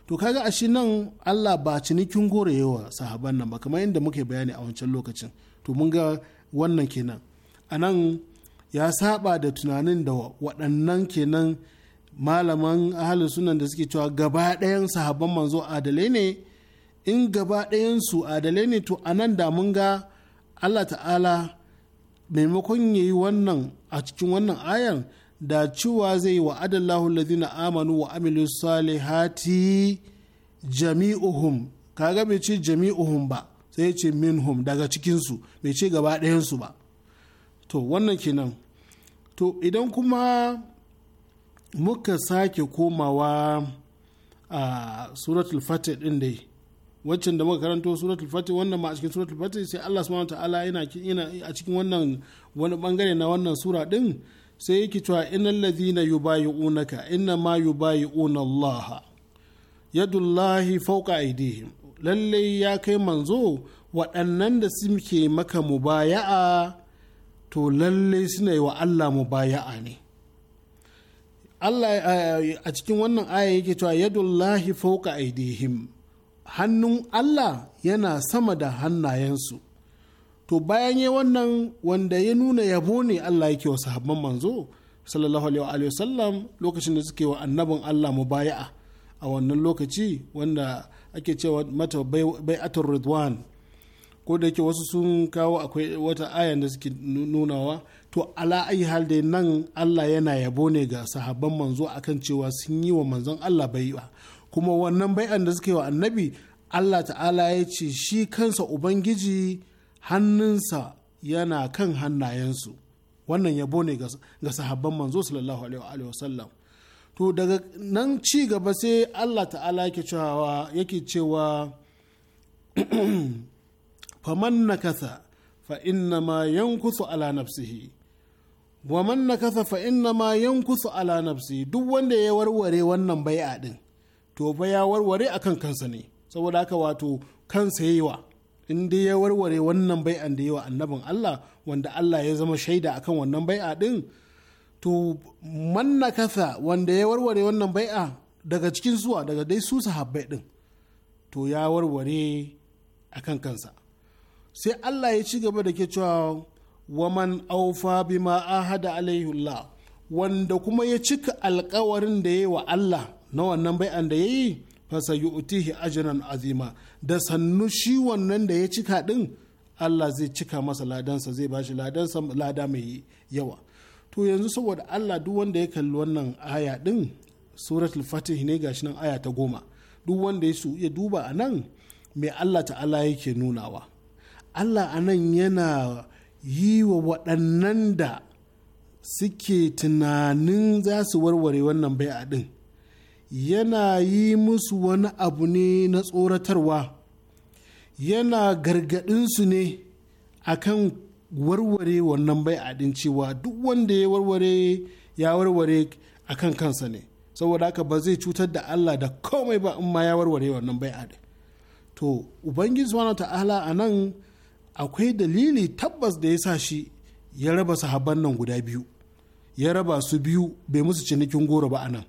to kaga ashe nan allah ba cinikin yawa sahaban nan ba kamar yadda muke bayani a wancan lokacin to mun ga wannan kenan anan ya saba da tunanin da waɗannan kenan malaman ahalin sunan da suke cewa gaba ɗayan sahaban manzo adalai ne in gaba ɗayansu adalai ne to anan da mun ga Allah ta'ala maimakon ya yi wannan a cikin wannan ayan da cewa zai wa adallahu lazina amanu wa amilu salihati jami'uhum kaga bai ce jami'uhum ba sai ce minhum daga cikinsu mai ce gaba ɗayansu ba to wannan kenan to idan kuma muka sake komawa a suratul fatih ɗin dai waccan da muka karanto suratul fatih wannan ma a cikin suratul fatih sai Allah subhanahu ta'ala yana a cikin wannan wani bangare na wannan sura din sai yake cewa innal ladhina yubayyi'unaka inna ma yubayyi'una Allah yadullahi fawqa aydihim lalle ya kai manzo waɗannan da ke maka mubaya'a to lalle suna yi wa Allah mubaya'a ne Allah eh, a cikin wannan aya yake cewa yadullahi fawqa aydihim hannun Allah yana sama da hannayensu to bayan ya wannan wanda ya nuna yabo ne Allah yake wa sahabban manzo sallallahu alaihi wasallam lokacin da suke wa annabin Allah mubaya'a a wannan lokaci wanda ake cewa mata atar ridwan ko da yake wasu sun kawo akwai wata ayan da suke nunawa to ala ayi hal dai nan Allah yana yabo ne ga sahabban manzo akan cewa sun yi wa manzon Allah bai'a kuma wannan bai'an da suke wa annabi Allah ta'ala ya ce shi kansa ubangiji hannunsa yana kan hannayensu wannan yabo ne ga sahabban manzo sallallahu alaihi wasallam to daga nan ci gaba sai Allah ta'ala yake cewa yake cewa faman nakatha fa inna ma yankusu ala nafsihi wa man nakatha fa inna ma yankusu ala nafsihi duk wanda ya warware wannan bai'a din to ba ya warware a kan kansa ne saboda haka wato kansa ya yi wa in dai ya warware wannan bai'an da yawa annabin Allah wanda Allah ya zama shaida a kan wannan bai'a din to manna mannakasa wanda ya warware wannan bai'a daga cikin zuwa daga dai su sahabbai din to ya warware a kan kansa sai Allah ya ci gaba da ke cewa waman aufa bima ahada alaihullah wanda kuma ya cika alkawarin da ya wa Allah na wannan bai'an da ya yi fasa yu'tihi ajran azima da sannu shi wannan da ya cika din Allah zai cika masa ladansa zai bashi ladansa lada mai yawa to yanzu saboda Allah duk wanda ya kalli wannan aya din suratul fatih ne gashi nan aya ta goma duk wanda ya ya duba a nan mai Allah ta'ala yake nunawa Allah a nan yana yi wa waɗannan da suke tunanin za su warware wannan bai'a din yana yi musu wani abu ne na tsoratarwa yana gargaɗinsu ne akan warware wannan bai din cewa duk wanda ya warware ya warware akan kansa ne saboda haka ba zai cutar da Allah da komai ba in ma ya warware wannan bai to ubangiji subhanahu ta'ala a nan akwai dalili tabbas da ya sa shi ya raba sahabban nan guda biyu ya raba su biyu bai musu cinikin goro ba a nan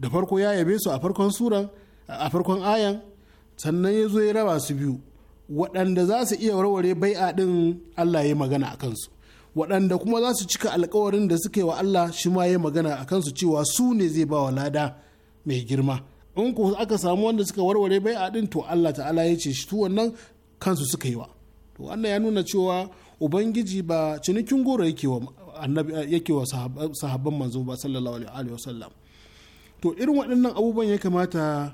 da farko ya yabe su a farkon suran a farkon ayan sannan ya zo ya raba su biyu waɗanda za su iya warware bai'a ɗin Allah ya magana a kansu waɗanda kuma za su cika alkawarin da suke wa Allah shi ma ya magana a kansu cewa su ne zai ba wa lada mai girma in ku aka samu wanda suka warware bai'a ɗin to Allah ta'ala ya ce shi wannan kansu suka yi wa to wannan ya nuna cewa ubangiji ba cinikin goro yake wa annabi yake wa sahabban manzo ba sallallahu alaihi wasallam to irin waɗannan abubuwan ya kamata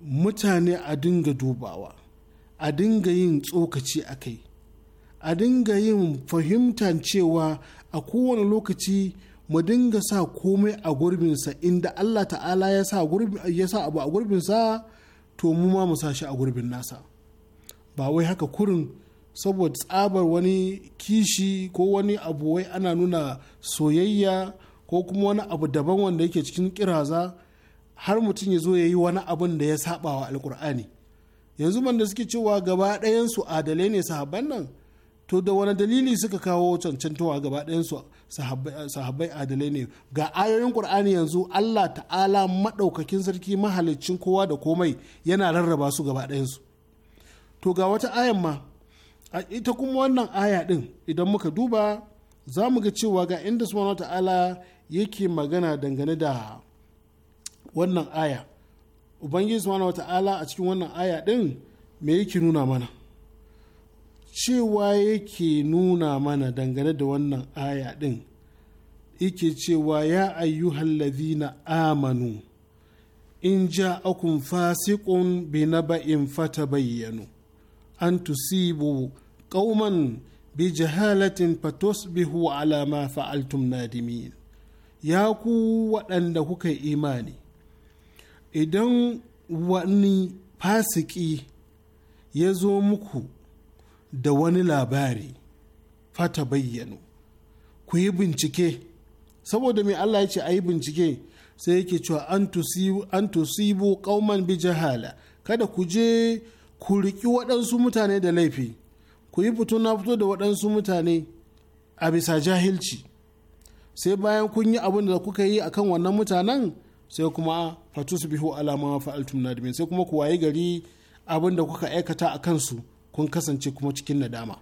mutane a dinga dubawa a dinga yin tsokaci a kai a dinga yin fahimtar cewa a kowane lokaci mu dinga sa komai a gurbinsa inda Allah ta'ala ya sa abu a gurbinsa to mu ma mu sa shi a gurbin nasa ba wai haka kurin saboda tsabar wani kishi ko wani abu wai ana nuna soyayya ko kuma wani abu daban wanda yake cikin kiraza har mutum ya zo ya yi wani abun da ya saba wa alkur'ani yanzu man suke cewa gaba ɗayansu adalai ne sahabban nan to da wani dalili suka kawo cancantowa gaba ɗayansu sahabbai adalai ne ga ayoyin kur'ani yanzu allah ta'ala maɗaukakin sarki mahalicin kowa da komai yana rarraba su gaba ɗayansu to ga wata ayan ma a ita kuma wannan aya ɗin idan muka duba za mu ga cewa ga inda subhanahu ta'ala yake magana dangane da wannan aya ubangiji subhanahu ala a cikin wannan aya ɗin me yake nuna mana cewa yake nuna mana dangane da wannan aya ɗin yake cewa ya na amanu in ja ja'akum fasiqun bi naba'in fatabayyanu an tusibu qauman bi jahalatin fatusbihu ala ma fa'altum nadimin ya ku waɗanda kuka yi imani idan wani fasiki ya zo muku da wani labari fata bayyano ku yi bincike saboda mai Allah ya ce a yi bincike sai yake cewa an tusibu kauman bi jahala kada ku je ku riƙi waɗansu mutane da laifi ku yi fito na fito da waɗansu mutane a bisa jahilci sai bayan kun yi abin da kuka yi akan wannan mutanen sai kuma fatu su bihu alama fa'altum nadimin sai kuma ku wayi gari abin da kuka aikata a kansu kun kasance kuma cikin nadama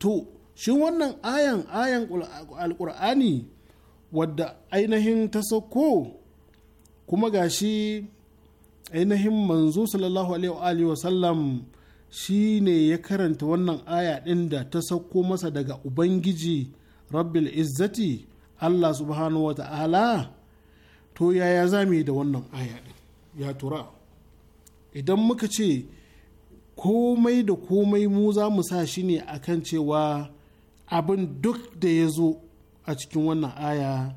to shin wannan ayan ayan alkur'ani wadda ainihin ta sauko kuma gashi ainihin manzo sallallahu alaihi wa sallam shi ne ya karanta wannan aya ɗin da ta sauko masa daga ubangiji rabbil izzati Allah subhanahu wa ta'ala to yaya za mu yi da wannan aya ya tura idan muka ce komai da komai mu za mu sa shi ne akan cewa abin duk da ya zo a cikin wannan aya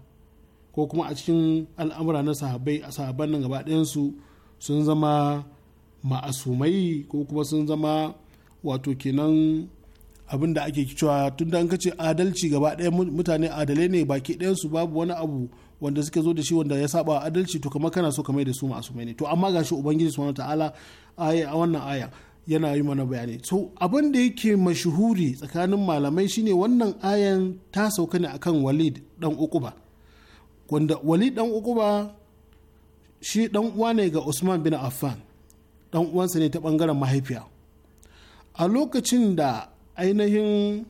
ko kuma a cikin al'amura na sahabai a sahaban nan gaba ɗayansu sun zama ma'asumai ko kuma sun zama wato kenan abin da ake cewa tun da an kace adalci gaba ɗaya mutane adalai ne baki ɗayansu babu wani abu wanda suke zo da shi wanda ya saba adalci to kamar kana so ka maida da su mai ne to amma gashi ubangiji subhanahu ta'ala aya a wannan aya yana yi mana bayani so abin da yake mashuhuri tsakanin malamai shine wannan ayan ta sauka ne akan walid dan ukuba wanda walid dan ukuba shi dan uwa ne ga usman bin affan dan uwansa ne ta bangaren mahaifiya a lokacin da ainihin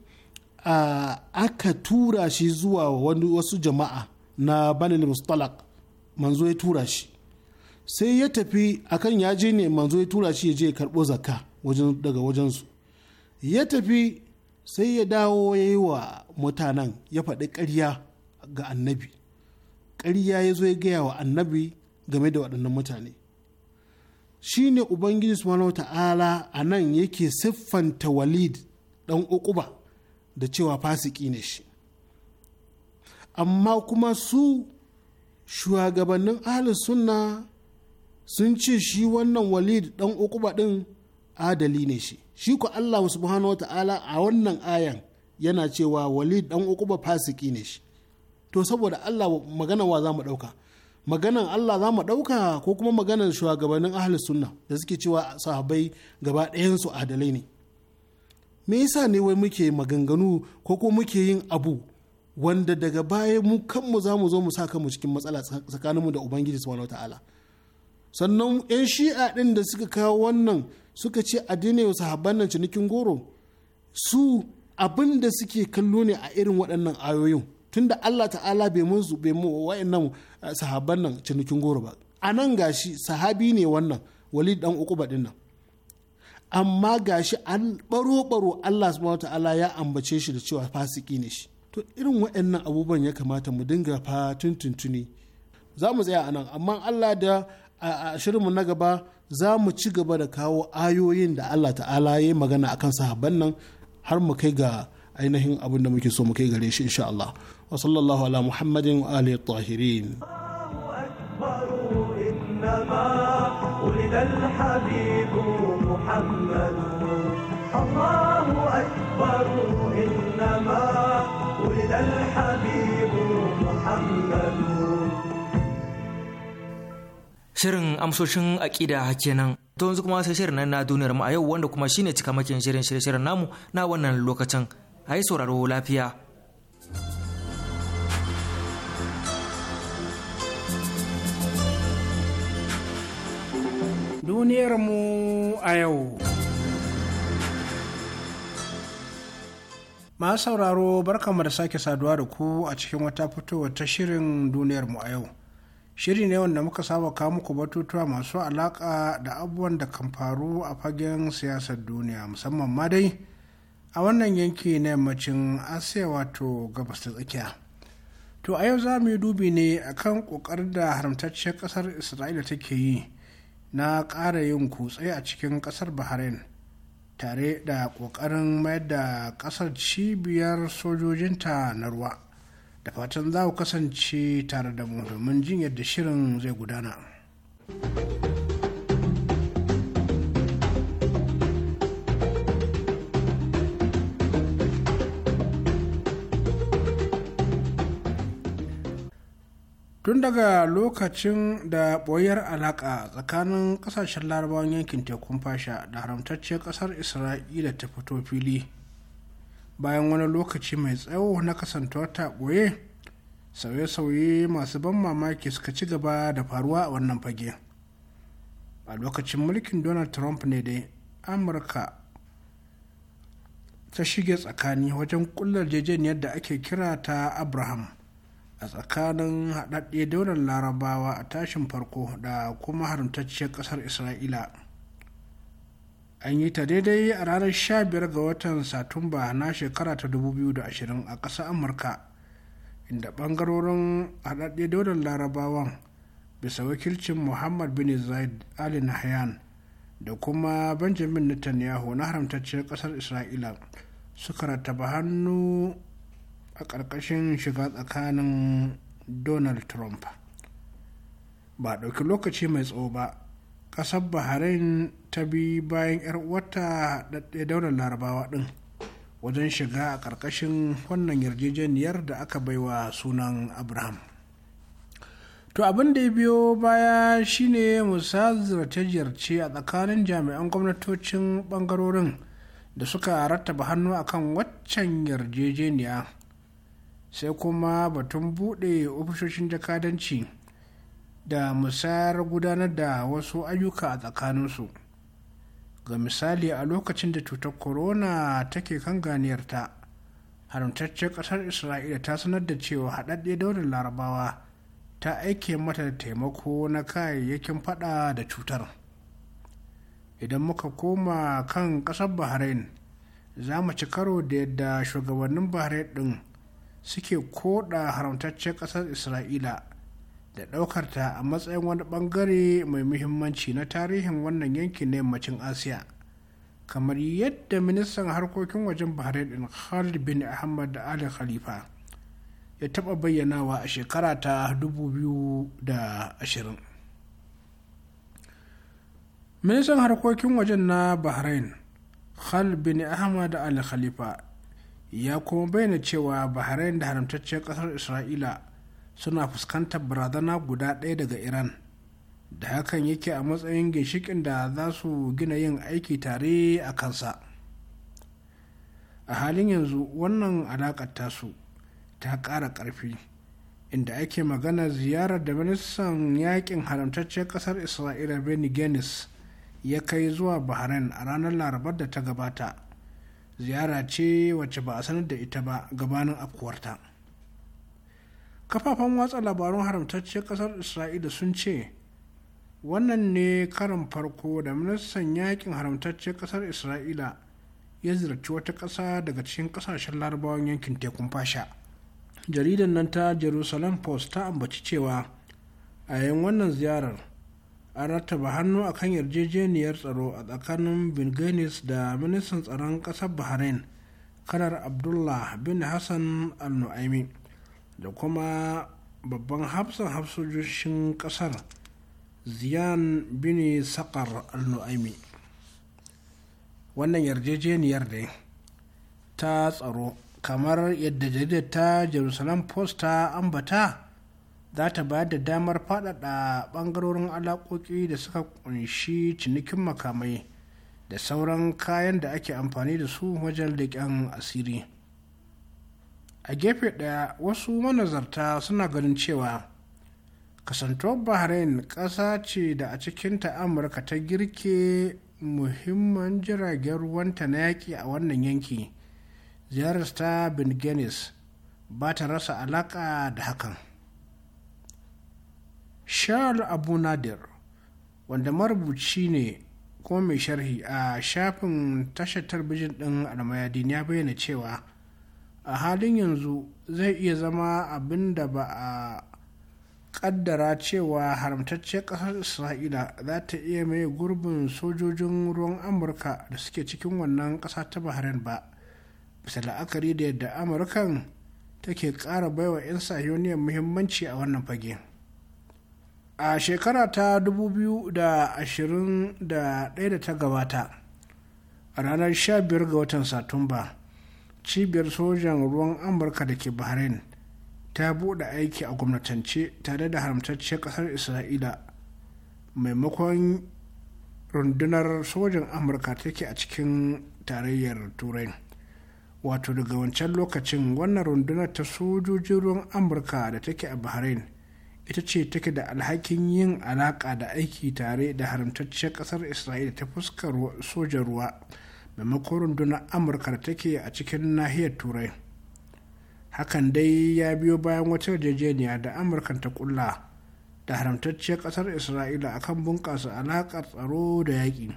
aka tura shi zuwa wasu jama'a na banil mustalak manzo ya tura shi sai ya tafi akan ya je ne manzo ya tura shi ya je karɓo zakka daga wajensu ya tafi sai ya dawo ya yi wa mutanen ya faɗi karya ga annabi ƙarya ya zo ya gaya wa annabi game da waɗannan mutane shi ne ubangiji subhanahu ta'ala a nan yake siffanta walid ɗan ukuba da cewa fasiki ne shi amma kuma su shugabannin ahalus sunna sun ce shi wannan walid ɗan ukuba din adali ne shi shi ku Allah subhanahu wa ta'ala a wannan ayan yana cewa walid ɗan ukuba fasiki ne shi to saboda Allah magana wa za mu ɗauka maganan Allah za mu ɗauka ko kuma maganan shugabannin ahli sunna da suke cewa sahabbai gaba ɗayansu adalai ne me yasa ne wai muke maganganu ko ko muke yin abu wanda daga baya mu kanmu za mu zo mu sa kanmu cikin matsala tsakaninmu da ubangiji subhanahu ta'ala sannan yan shi'a din da suka kawo wannan suka ce addini wa sahabban nan cinikin goro su abin da suke kallo ne a irin waɗannan ayoyin tunda Allah ta'ala bai mun bai mu wa'annan eh, sahabban nan cinikin goro ba a nan gashi sahabi ne wannan walid dan uku din nan amma gashi an baro-baro Allah subhanahu ta'ala ya ambace shi da cewa fasiki ne shi to irin waɗannan abubuwan ya kamata mu dinga fa tuntuntuni za mu tsaya anan amma Allah da a shirinmu na gaba za mu ci gaba da kawo ayoyin da Allah ta'ala ya yi magana akan sahabban nan har mu kai ga ainihin abin da muke so mu kai gare shi insha Allah wa sallallahu ala muhammadin wa alihi tahirin عبروا إنما ولد الحبيب محمد Shirin amsoshin aƙida kenan to yanzu kuma sai shirin na duniyar mu a yau wanda kuma shine cikamakin shirin shirye-shiryen namu na wannan lokacin a yi sauraro lafiya. duniyarmu a yau. masu sauraro barkanmu da sake saduwa da ku a cikin wata fitowa ta shirin duniyar mu a yau shiri ne wanda muka saba kawo muku batutuwa masu alaka da abubuwan da kan faru a fagen siyasar duniya musamman ma dai a wannan yanki na yammacin asiya wato gabas ta tsakiya to a yau za mu yi dubi ne akan kokarin da haramtacciyar kasar isra'ila take yi na ƙara yin kutse a cikin kasar bahrain tare da ƙoƙarin mayar da ƙasar cibiyar sojojinta na ruwa da fatan za ku kasance tare da mu domin jin yadda shirin zai gudana. tun daga lokacin da boyar alaƙa tsakanin ƙasashen larabawan yankin tekun fasha da haramtacciyar ƙasar isra'ila ta fito fili bayan wani lokaci mai tsawo na kasantuwar ta ɓoye sauye-sauye masu ban mamaki suka ci gaba da faruwa a wannan fage a lokacin mulkin donald trump ne dai amurka ta shige tsakani wajen kullar jejeniyar da ake kira ta abraham a tsakanin haɗaɗɗe daular larabawa a tashin farko da kuma haramtacciyar ƙasar isra'ila an yi ta daidai a ranar 15 ga watan satumba na shekara ta 2020 a ƙasar amurka inda ɓangarorin haɗaɗɗe daular larabawan bisa wakilcin muhammad bin zaid ali nahyan da kuma benjamin netanyahu na haramtacciyar ƙasar isra'ila suka rattaba hannu a ƙarƙashin shiga tsakanin donald trump ba ɗauki lokaci mai tsawo ba ƙasar bahrain ta bi bayan 'yar wata daɗe daular larabawa ɗin wajen shiga a ƙarƙashin wannan yarjejeniyar da aka baiwa sunan abraham to abin da ya biyo baya shine ta jirce a tsakanin jami'an gwamnatocin ɓangarorin da suka rattaba hannu akan waccan yarjejeniya sai kuma batun buɗe ofisoshin jakadanci da musayar gudanar da wasu ayyuka a tsakaninsu ga misali a lokacin da cutar corona take kan ganiyarta haramtaccen ƙasar isra'ila ta sanar da cewa haɗaɗɗe daular larabawa ta aike mata da taimako na kayayyakin fada da cutar idan muka koma kan ƙasar bahrain za mu ci karo da yadda shugabannin bahrain ɗin suke koda haramtaccen ƙasar isra'ila da ta a matsayin wani bangare mai muhimmanci na tarihin wannan yanki na yammacin asiya kamar yadda ministan harkokin wajen bahrain din khalid bin ahmad ali khalifa ya taɓa bayyanawa a shekara ta 2020 ministan harkokin wajen na bahrain khalid bin ahmad ali khalifa ya kuma bayyana cewa bahrain da haramtacciyar kasar isra'ila suna fuskantar barazana guda ɗaya daga iran da hakan yake a matsayin ginshikin da za su gina yin aiki tare a kansa a halin yanzu wannan alaƙar tasu ta ƙara ƙarfi inda ake magana ziyarar da ministan yakin haramtacciyar ƙasar isra'ila benny ya kai zuwa bahrain a ranar larabar da ta gabata ziyara ce wacce ba a sanar da ita ba gabanin afkuwarta kafafen watsa labarun haramtacce kasar isra'ila sun ce wannan ne karin farko da ministan yakin haramtacce kasar isra'ila ya ziyarci wata ƙasa daga cikin ƙasashen larabawan yankin tekun fasha jaridar nan ta jerusalem post ta ambaci cewa a yayin wannan ziyarar an rattaba hannu a kan yarjejeniyar tsaro a tsakanin bin da ministan tsaron ƙasar bahrain kanar abdullah bin hassan al-nu'aimi da kuma babban hafsan hafsojoshin ƙasar ziyan bin sakar al-nu'aimi wannan yarjejeniyar da ta tsaro kamar yadda jaridar ta jerusalem post ta ambata za ta bayar da damar faɗaɗa ɓangarorin alaƙoƙi da suka kunshi cinikin makamai da sauran kayan da ake amfani da su wajen leƙen asiri a gefe ɗaya wasu manazarta suna ganin cewa kasantuwar bahrain ƙasa ce da a cikinta amurka ta girke muhimman jiragen ruwanta na yaƙi a wannan yanki ziyarar ta bin ba ta rasa alaƙa da hakan Charles abu nadir wanda marubuci ne ko mai sharhi a shafin tashar talbijin ɗin almayadin ya bayyana cewa a halin yanzu zai iya zama abin da ba a kaddara cewa haramtacciyar ƙasar isra'ila za ta iya mai gurbin sojojin ruwan amurka da suke cikin wannan ƙasa ta bahrain ba bisa la'akari da yadda amurkan take ƙara baiwa 'yan sahiyoniyar muhimmanci a wannan fage. a shekara ta 2021 da ta gabata a ranar 15 ga watan satumba cibiyar sojan ruwan amurka da ke bahrain ta buɗe aiki a gwamnatance tare da haramtacciyar ƙasar isra'ila maimakon rundunar sojan amurka take a cikin tarayyar turai wato daga wancan lokacin wannan rundunar ta sojojin ruwan amurka da take a bahrain ita ce take da alhakin yin alaƙa da aiki tare da haramtacciyar ƙasar isra'ila ta fuskar sojan ruwa maimakon rundunar amurka da take a cikin nahiyar turai hakan dai ya biyo bayan wata yarjejeniya da amurka ta kulla da haramtacciyar ƙasar isra'ila akan bunƙasa alaƙar tsaro da yaƙi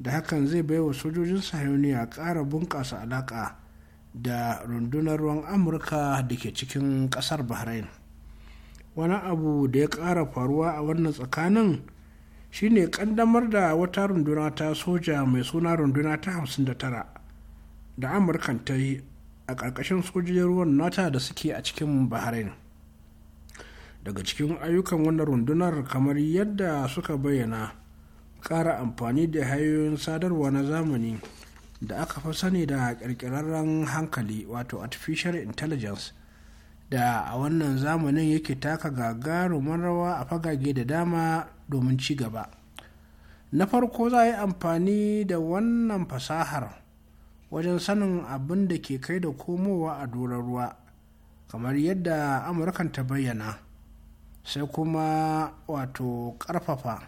da hakan zai bai wa sojojin sahiyoniya ƙara bunƙasa alaƙa da rundunar ruwan amurka da ke cikin ƙasar bahrain wani abu da ya ƙara faruwa a wannan tsakanin shine ƙaddamar da wata runduna ta soja mai suna runduna ta 59 da amurkan ta yi a ƙarƙashin sojojin ruwan nata da suke a cikin bahrain daga cikin ayyukan wannan rundunar kamar yadda suka bayyana ƙara amfani da hanyoyin sadarwa na zamani da aka fi sani da ƙirƙirarren hankali wato artificial intelligence da a wannan zamanin yake taka gagarumin rawa a fagage da dama domin ci gaba na farko za a yi amfani da wannan fasahar wajen sanin abin da ke kai da komowa a doron ruwa kamar yadda amurkan ta bayyana sai kuma wato karfafa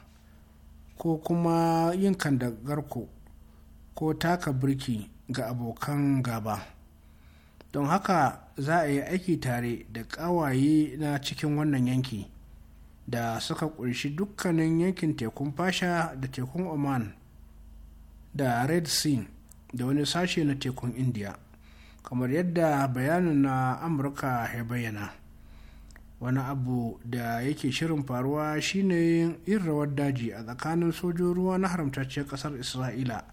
ko kuma yin kandagarko ko taka birki ga abokan gaba. don haka za a yi aiki tare da ƙawaye na cikin wannan yanki da suka kunshi dukkanin yankin tekun fasha da tekun oman da red sea da wani sashe na tekun india kamar yadda bayanin na amurka ya bayyana wani abu da yake shirin faruwa shine yin rawar daji a tsakanin sojin ruwa na haramtacciyar kasar isra'ila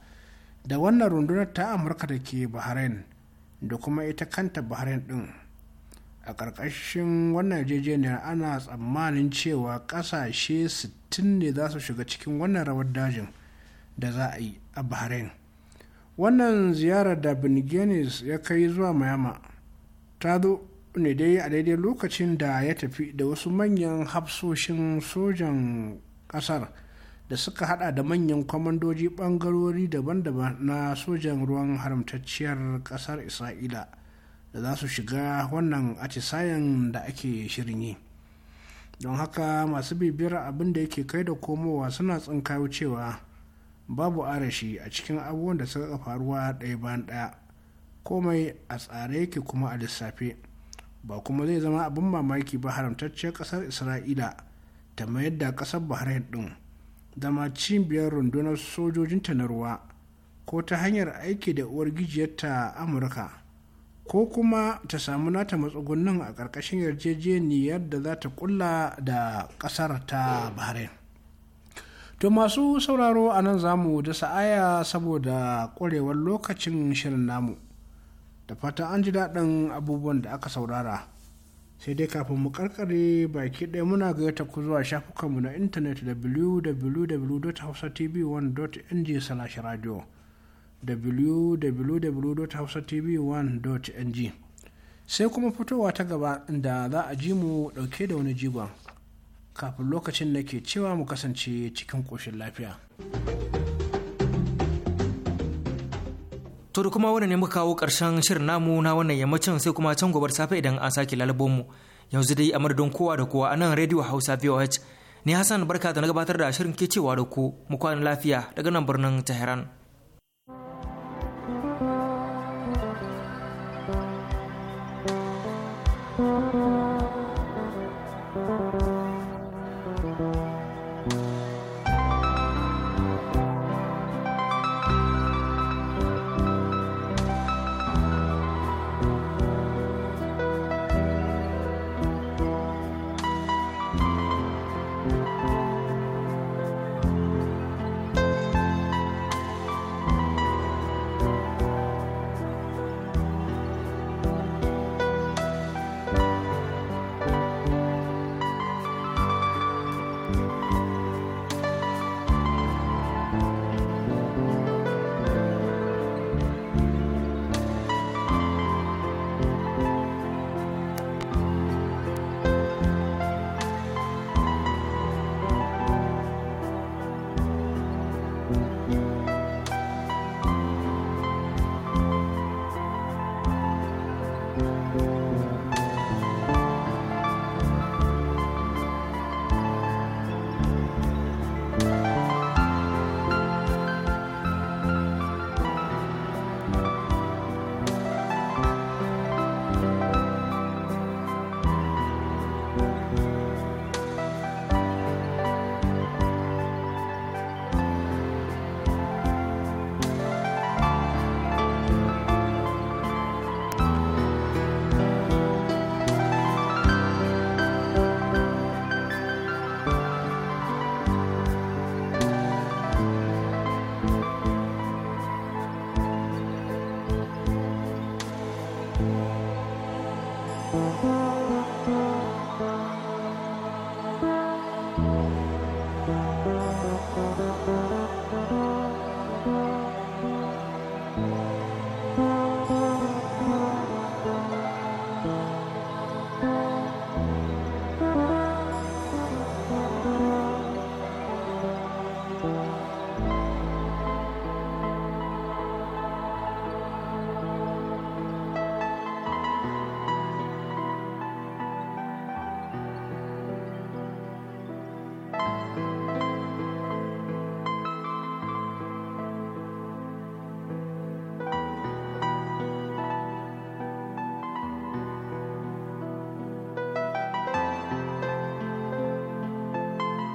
da wannan rundunar ta amurka da ke bahrain da kuma ita kanta bahrain din a ƙarƙashin wannan yarjejeniyar ana tsammanin cewa ƙasashe 60 ne za su shiga cikin wannan rawar dajin da za a yi a bahrain wannan ziyarar da benignis ya kai zuwa mayama ta zo ne dai a daidai lokacin da ya tafi da wasu manyan hafsoshin sojan ƙasar da suka hada da manyan kwamandoji bangarori daban-daban na sojan ruwan haramtacciyar kasar isra'ila da za su shiga wannan atisayen da ake shirin yi don haka masu bibiyar abin da yake kai da komowa suna tsinkayo cewa babu arashi a cikin abubuwan da suka faruwa ɗaya bayan ɗaya komai a tsare yake kuma a lissafe ba kuma zai zama abin mamaki ba haramtacciyar ƙasar isra'ila ta mayar da ƙasar bahrain ɗin zama cibiyar rundunar sojojinta na ruwa ko ta hanyar aiki da uwar gijiyarta amurka ko kuma ta samu nata matsugunan a ƙarƙashin yarjejeniyar da za ta kulla da ƙasar ta bahrain to masu sauraro a nan zamu da sa'aya saboda ƙwarewar lokacin shirin namu da fatan an ji daɗin abubuwan da aka saurara sai dai kafin mu karkare baki ɗaya muna gayyata ku zuwa shafukanmu na intanet www.hausatv1.ng slash radio www.hausatv1.ng sai kuma fitowa ta gaba da za a ji mu ɗauke da wani jigon kafin lokacin da ke cewa mu kasance cikin ƙoshin lafiya. To da kuma wannan ne muka kawo ƙarshen shirin namu na wannan yammacin sai kuma can gobar safe idan an sake lalabo mu. Yanzu dai a madadin kowa da kowa a nan rediyo Hausa VOH. ne Hassan Barka da na gabatar da shirin ke cewa da ku mu kwana lafiya daga nan birnin Tehran.